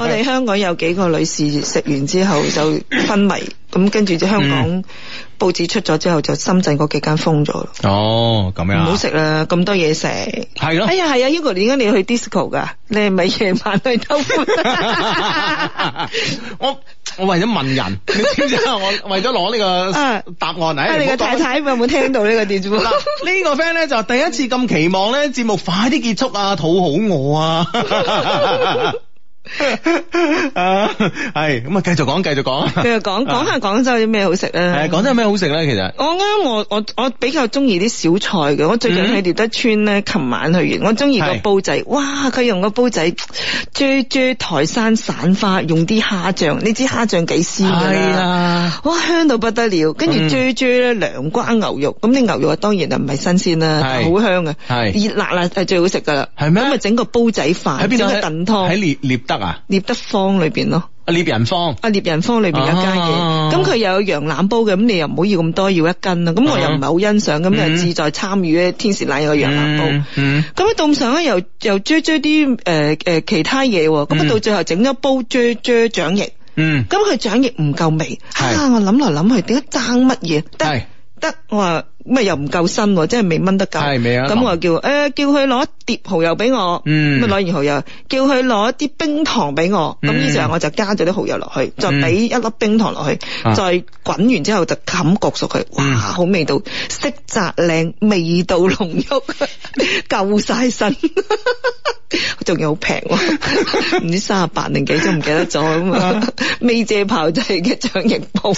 <laughs> 我哋香港有幾個女士食完之後就昏迷。 <laughs> 咁跟住就香港報紙出咗之後，就、嗯、深圳嗰幾間封咗咯。哦，咁樣唔、啊、好食啦，咁多嘢食。係咯。哎呀，係啊，因為你點解你要去 disco 㗎，你係咪夜晚去偷歡？ <laughs> <laughs> 我我為咗問人，你知唔知我為咗攞呢個答案嚟、 <laughs> 啊。你個太太有冇聽到呢個電話？嗱、 <laughs> 啊，這個、呢個 friend 咧就第一次咁期望咧，節目快啲結束啊，肚好餓啊！ <laughs> 係咁啊！繼續講，繼續講。繼續講，講下廣州有啲咩好食咧？係廣州有咩好食咧？其實我啱我我我比較中意啲小菜嘅。我最近喺獵德村咧，琴晚去完。我中意個煲仔，哇！佢用個煲仔，煮煮台山散花，用啲蝦醬，呢支蝦醬幾鮮噶啦，哇，香到不得了。跟住煮煮咧涼瓜牛肉，咁啲牛肉啊，當然就唔係新鮮啦，好香嘅，係熱辣辣係最好食噶啦。係咩？咁啊整個煲仔飯，喺邊度燉湯，喺獵獵。得啊！獵德坊裏邊咯，獵人坊啊，獵人坊裏邊有一間嘢，咁佢又有羊腩煲嘅，咁你又唔好要咁多，要一斤啊，咁我又唔係好欣賞咁嘅，志在參與嘅天時禮嘅羊腩煲，咁咧到上咧又又追追啲誒誒其他嘢，咁啊到最後整咗煲追追掌翼，嗯，咁佢掌翼唔夠味，啊我諗來諗去，點解爭乜嘢？得得我話。咁啊又唔夠身，即係未炆得夠。係未啊？咁我叫誒，叫佢攞一碟蚝油俾我。嗯。咁攞完蚝油，叫佢攞一啲冰糖俾我。咁於是我就加咗啲蚝油落去，再俾一粒冰糖落去，啊、再滾完之後就冚焗熟佢。哇，好味道，嗯、色澤靚，味道濃郁，夠 <laughs> 晒了身，仲要好平，唔 <laughs> 知三啊八定幾都唔記得咗。咁啊，未借炮製嘅掌形煲。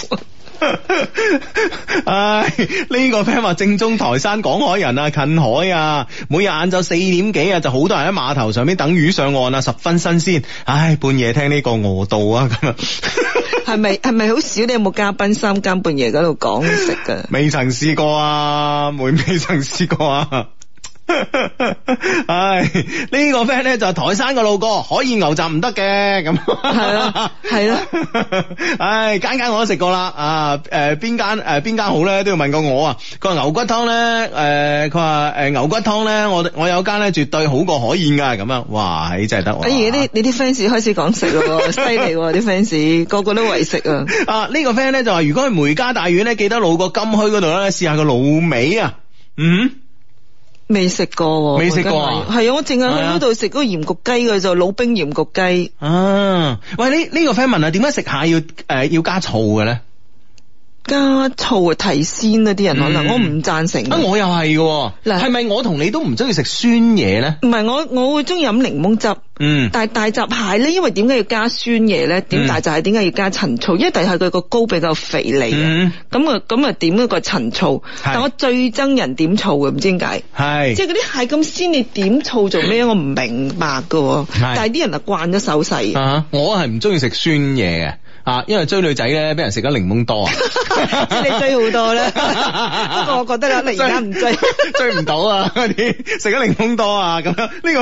<laughs> 唉，呢、這個 friend 話正宗台山港海人啊，近海啊，每日晏晝四點幾啊，就好多人喺碼頭上面等魚上岸啊，十分新鮮。唉，半夜聽呢個餓到啊，咁樣係咪係咪好少？你有冇嘉賓三更半夜嗰度講食噶？未曾試過啊，未，未曾試過啊。唉，呢、這個 friend 咧就台山個路過，海燕牛雜唔得嘅咁。係啊，係啦、啊。唉，間間我都食過啦。啊，誒邊間誒邊間好咧都要問過我啊。佢話牛骨湯咧，誒佢話誒牛骨湯咧，我我有間咧絕對好過海燕噶。咁啊，哇，真係得、啊。而家啲你啲 fans 開始講食咯，犀利啲 fans 個個都為食啊。啊，呢、這個 friend 咧就話如果去梅家大院咧，記得路過金墟嗰度咧試下個滷味啊。嗯。未食過，未食過，係啊，我淨係去嗰度食嗰鹽焗雞，佢就的老兵鹽焗雞啊。喂，呢、這、呢個，friend 問啊，點解食蟹要誒、呃、要加醋嘅咧？加醋啊，提鮮啊，啲人可能我唔贊成啊，我又係嘅嗱，係咪我同你都唔中意食酸嘢咧？唔係我我會中意飲檸檬汁，嗯，但係大閘蟹咧，因為點解要加酸嘢咧？點大閘蟹點解要加陳醋？因為係佢個膏比較肥膩啊，咁啊咁啊點一個陳醋，但我最憎人點醋嘅，唔知點解，係即係嗰啲蟹咁鮮，你點醋做咩？我唔明白噶，但係啲人啊慣咗手勢，我係唔中意食酸嘢嘅。啊，因為追女仔咧，俾人食咗檸檬多啊！你追好多啦，不過我覺得咧，你而家唔追，追唔到啊！嗰啲食咗檸檬多啊，咁樣呢個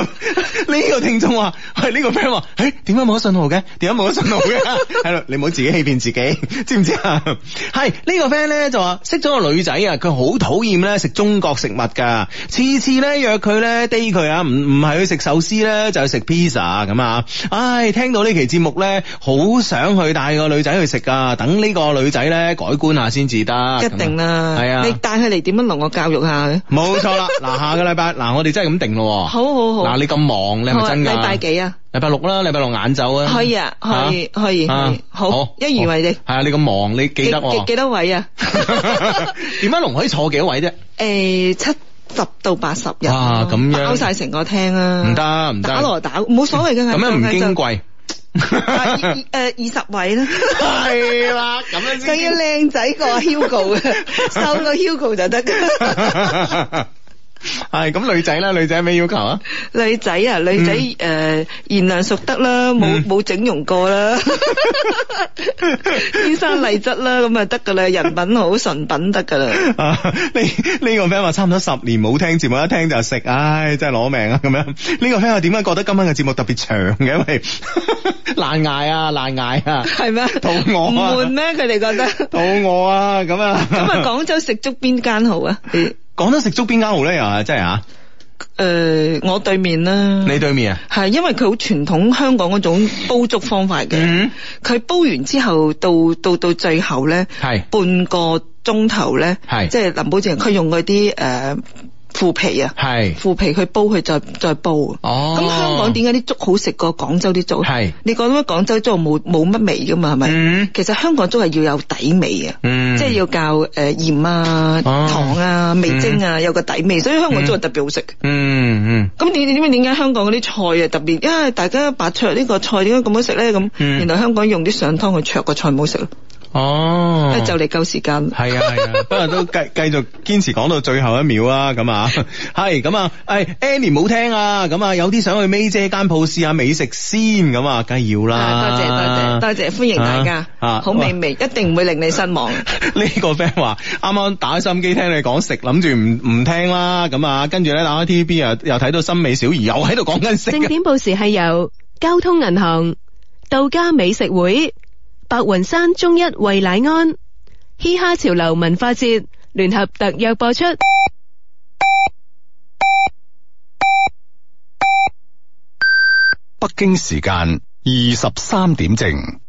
呢個聽眾話，係、這、呢個 friend 話，誒、哎，點解冇咗信號嘅？點解冇咗信號嘅？係咯， <laughs> 你唔好自己欺騙自己，知唔知啊？係、 <laughs> 這個、呢個 friend 咧就話識咗個女仔啊，佢好討厭咧食中國食物噶，次次咧約佢咧 date 佢啊，唔唔係去食壽司咧就去食 pizza 咁啊！唉、哎，聽到呢期節目咧，好想去，但個女仔去食噶等呢個女仔咧改觀下先至得。一定啦，係啊，你帶佢嚟，點樣同我教育下佢？冇錯啦，嗱下個禮拜嗱我哋真係咁定咯。好好好，嗱你咁忙，你係咪真噶？禮拜幾啊？禮拜六啦，禮拜六晏晝啊。可以啊，可以可以，好，一言為定。係啊，你咁忙，你記得幾幾多位啊？點解龍可以坐幾多位啫？誒，七十到八十人。哇，咁樣勾晒成個廳啊，唔得唔得，打羅打，冇所謂嘅，咁樣唔矜貴。誒，二十位啦，係啦，咁樣梗要靚仔過 Hugo 嘅，瘦過 Hugo 就得㗎。係咁女仔啦，女仔有咩要求啊？女仔啊，女仔誒，賢、呃、良淑德啦，冇冇整容過啦， <laughs> 天生麗質啦，咁啊得噶啦，人品好，純品得噶啦。呢呢、啊、個 friend 話差唔多十年冇聽節目，一聽就食，唉，真係攞命啊！咁樣呢、這個 friend 又點解覺得今晚嘅節目特別長嘅？因為 <laughs> 難捱啊，難捱啊，係咩嗎？肚餓唔悶咩？佢哋覺得肚餓啊？咁啊？咁啊？廣州食粥邊間好啊？講得食粥邊間好咧，又係真係吓。誒、啊呃，我對面啦、啊。你對面啊？係因為佢好傳統香港嗰種煲粥方法嘅。佢 <laughs> 煲完之後，到到到最後咧，係是半個鐘頭咧，係是即係林保正佢用嗰啲誒。呃腐皮啊，係是腐皮去煲佢再再煲，咁、哦、香港點解啲粥好食過廣州啲粥？係是你講乜廣州粥冇冇乜味噶嘛？係咪、嗯？其實香港粥係要有底味啊，嗯、即係要較誒鹽啊、糖啊、哦、味精啊，有個底味，所以香港粥係特別好食、嗯。嗯嗯。咁你你點解點解香港嗰啲菜啊特別？因為大家白灼呢個菜點解咁好食咧？咁、嗯，原來香港用啲上湯去灼個菜唔好食。哦，係就嚟夠時間，係啊係啊，不過都繼繼續堅持講到最後一秒啦，咁啊，係咁啊，誒，Annie 冇聽啊，咁啊，有啲想去 May 姐間鋪試下美食先，咁啊，梗係要啦，多謝多謝多謝，歡迎大家，啊，好美味，一定唔會令你失望。呢個 friend 話，啱啱打開收音機聽你講食，諗住唔唔聽啦，咁啊，跟住咧，打開 TVB 又又睇到森美小儀又喺度講緊食。正點報時係由交通銀行道家美食會。白雲山中一惠奶安，嘻哈潮流文化節聯合特約播出。北京時間二十三點正。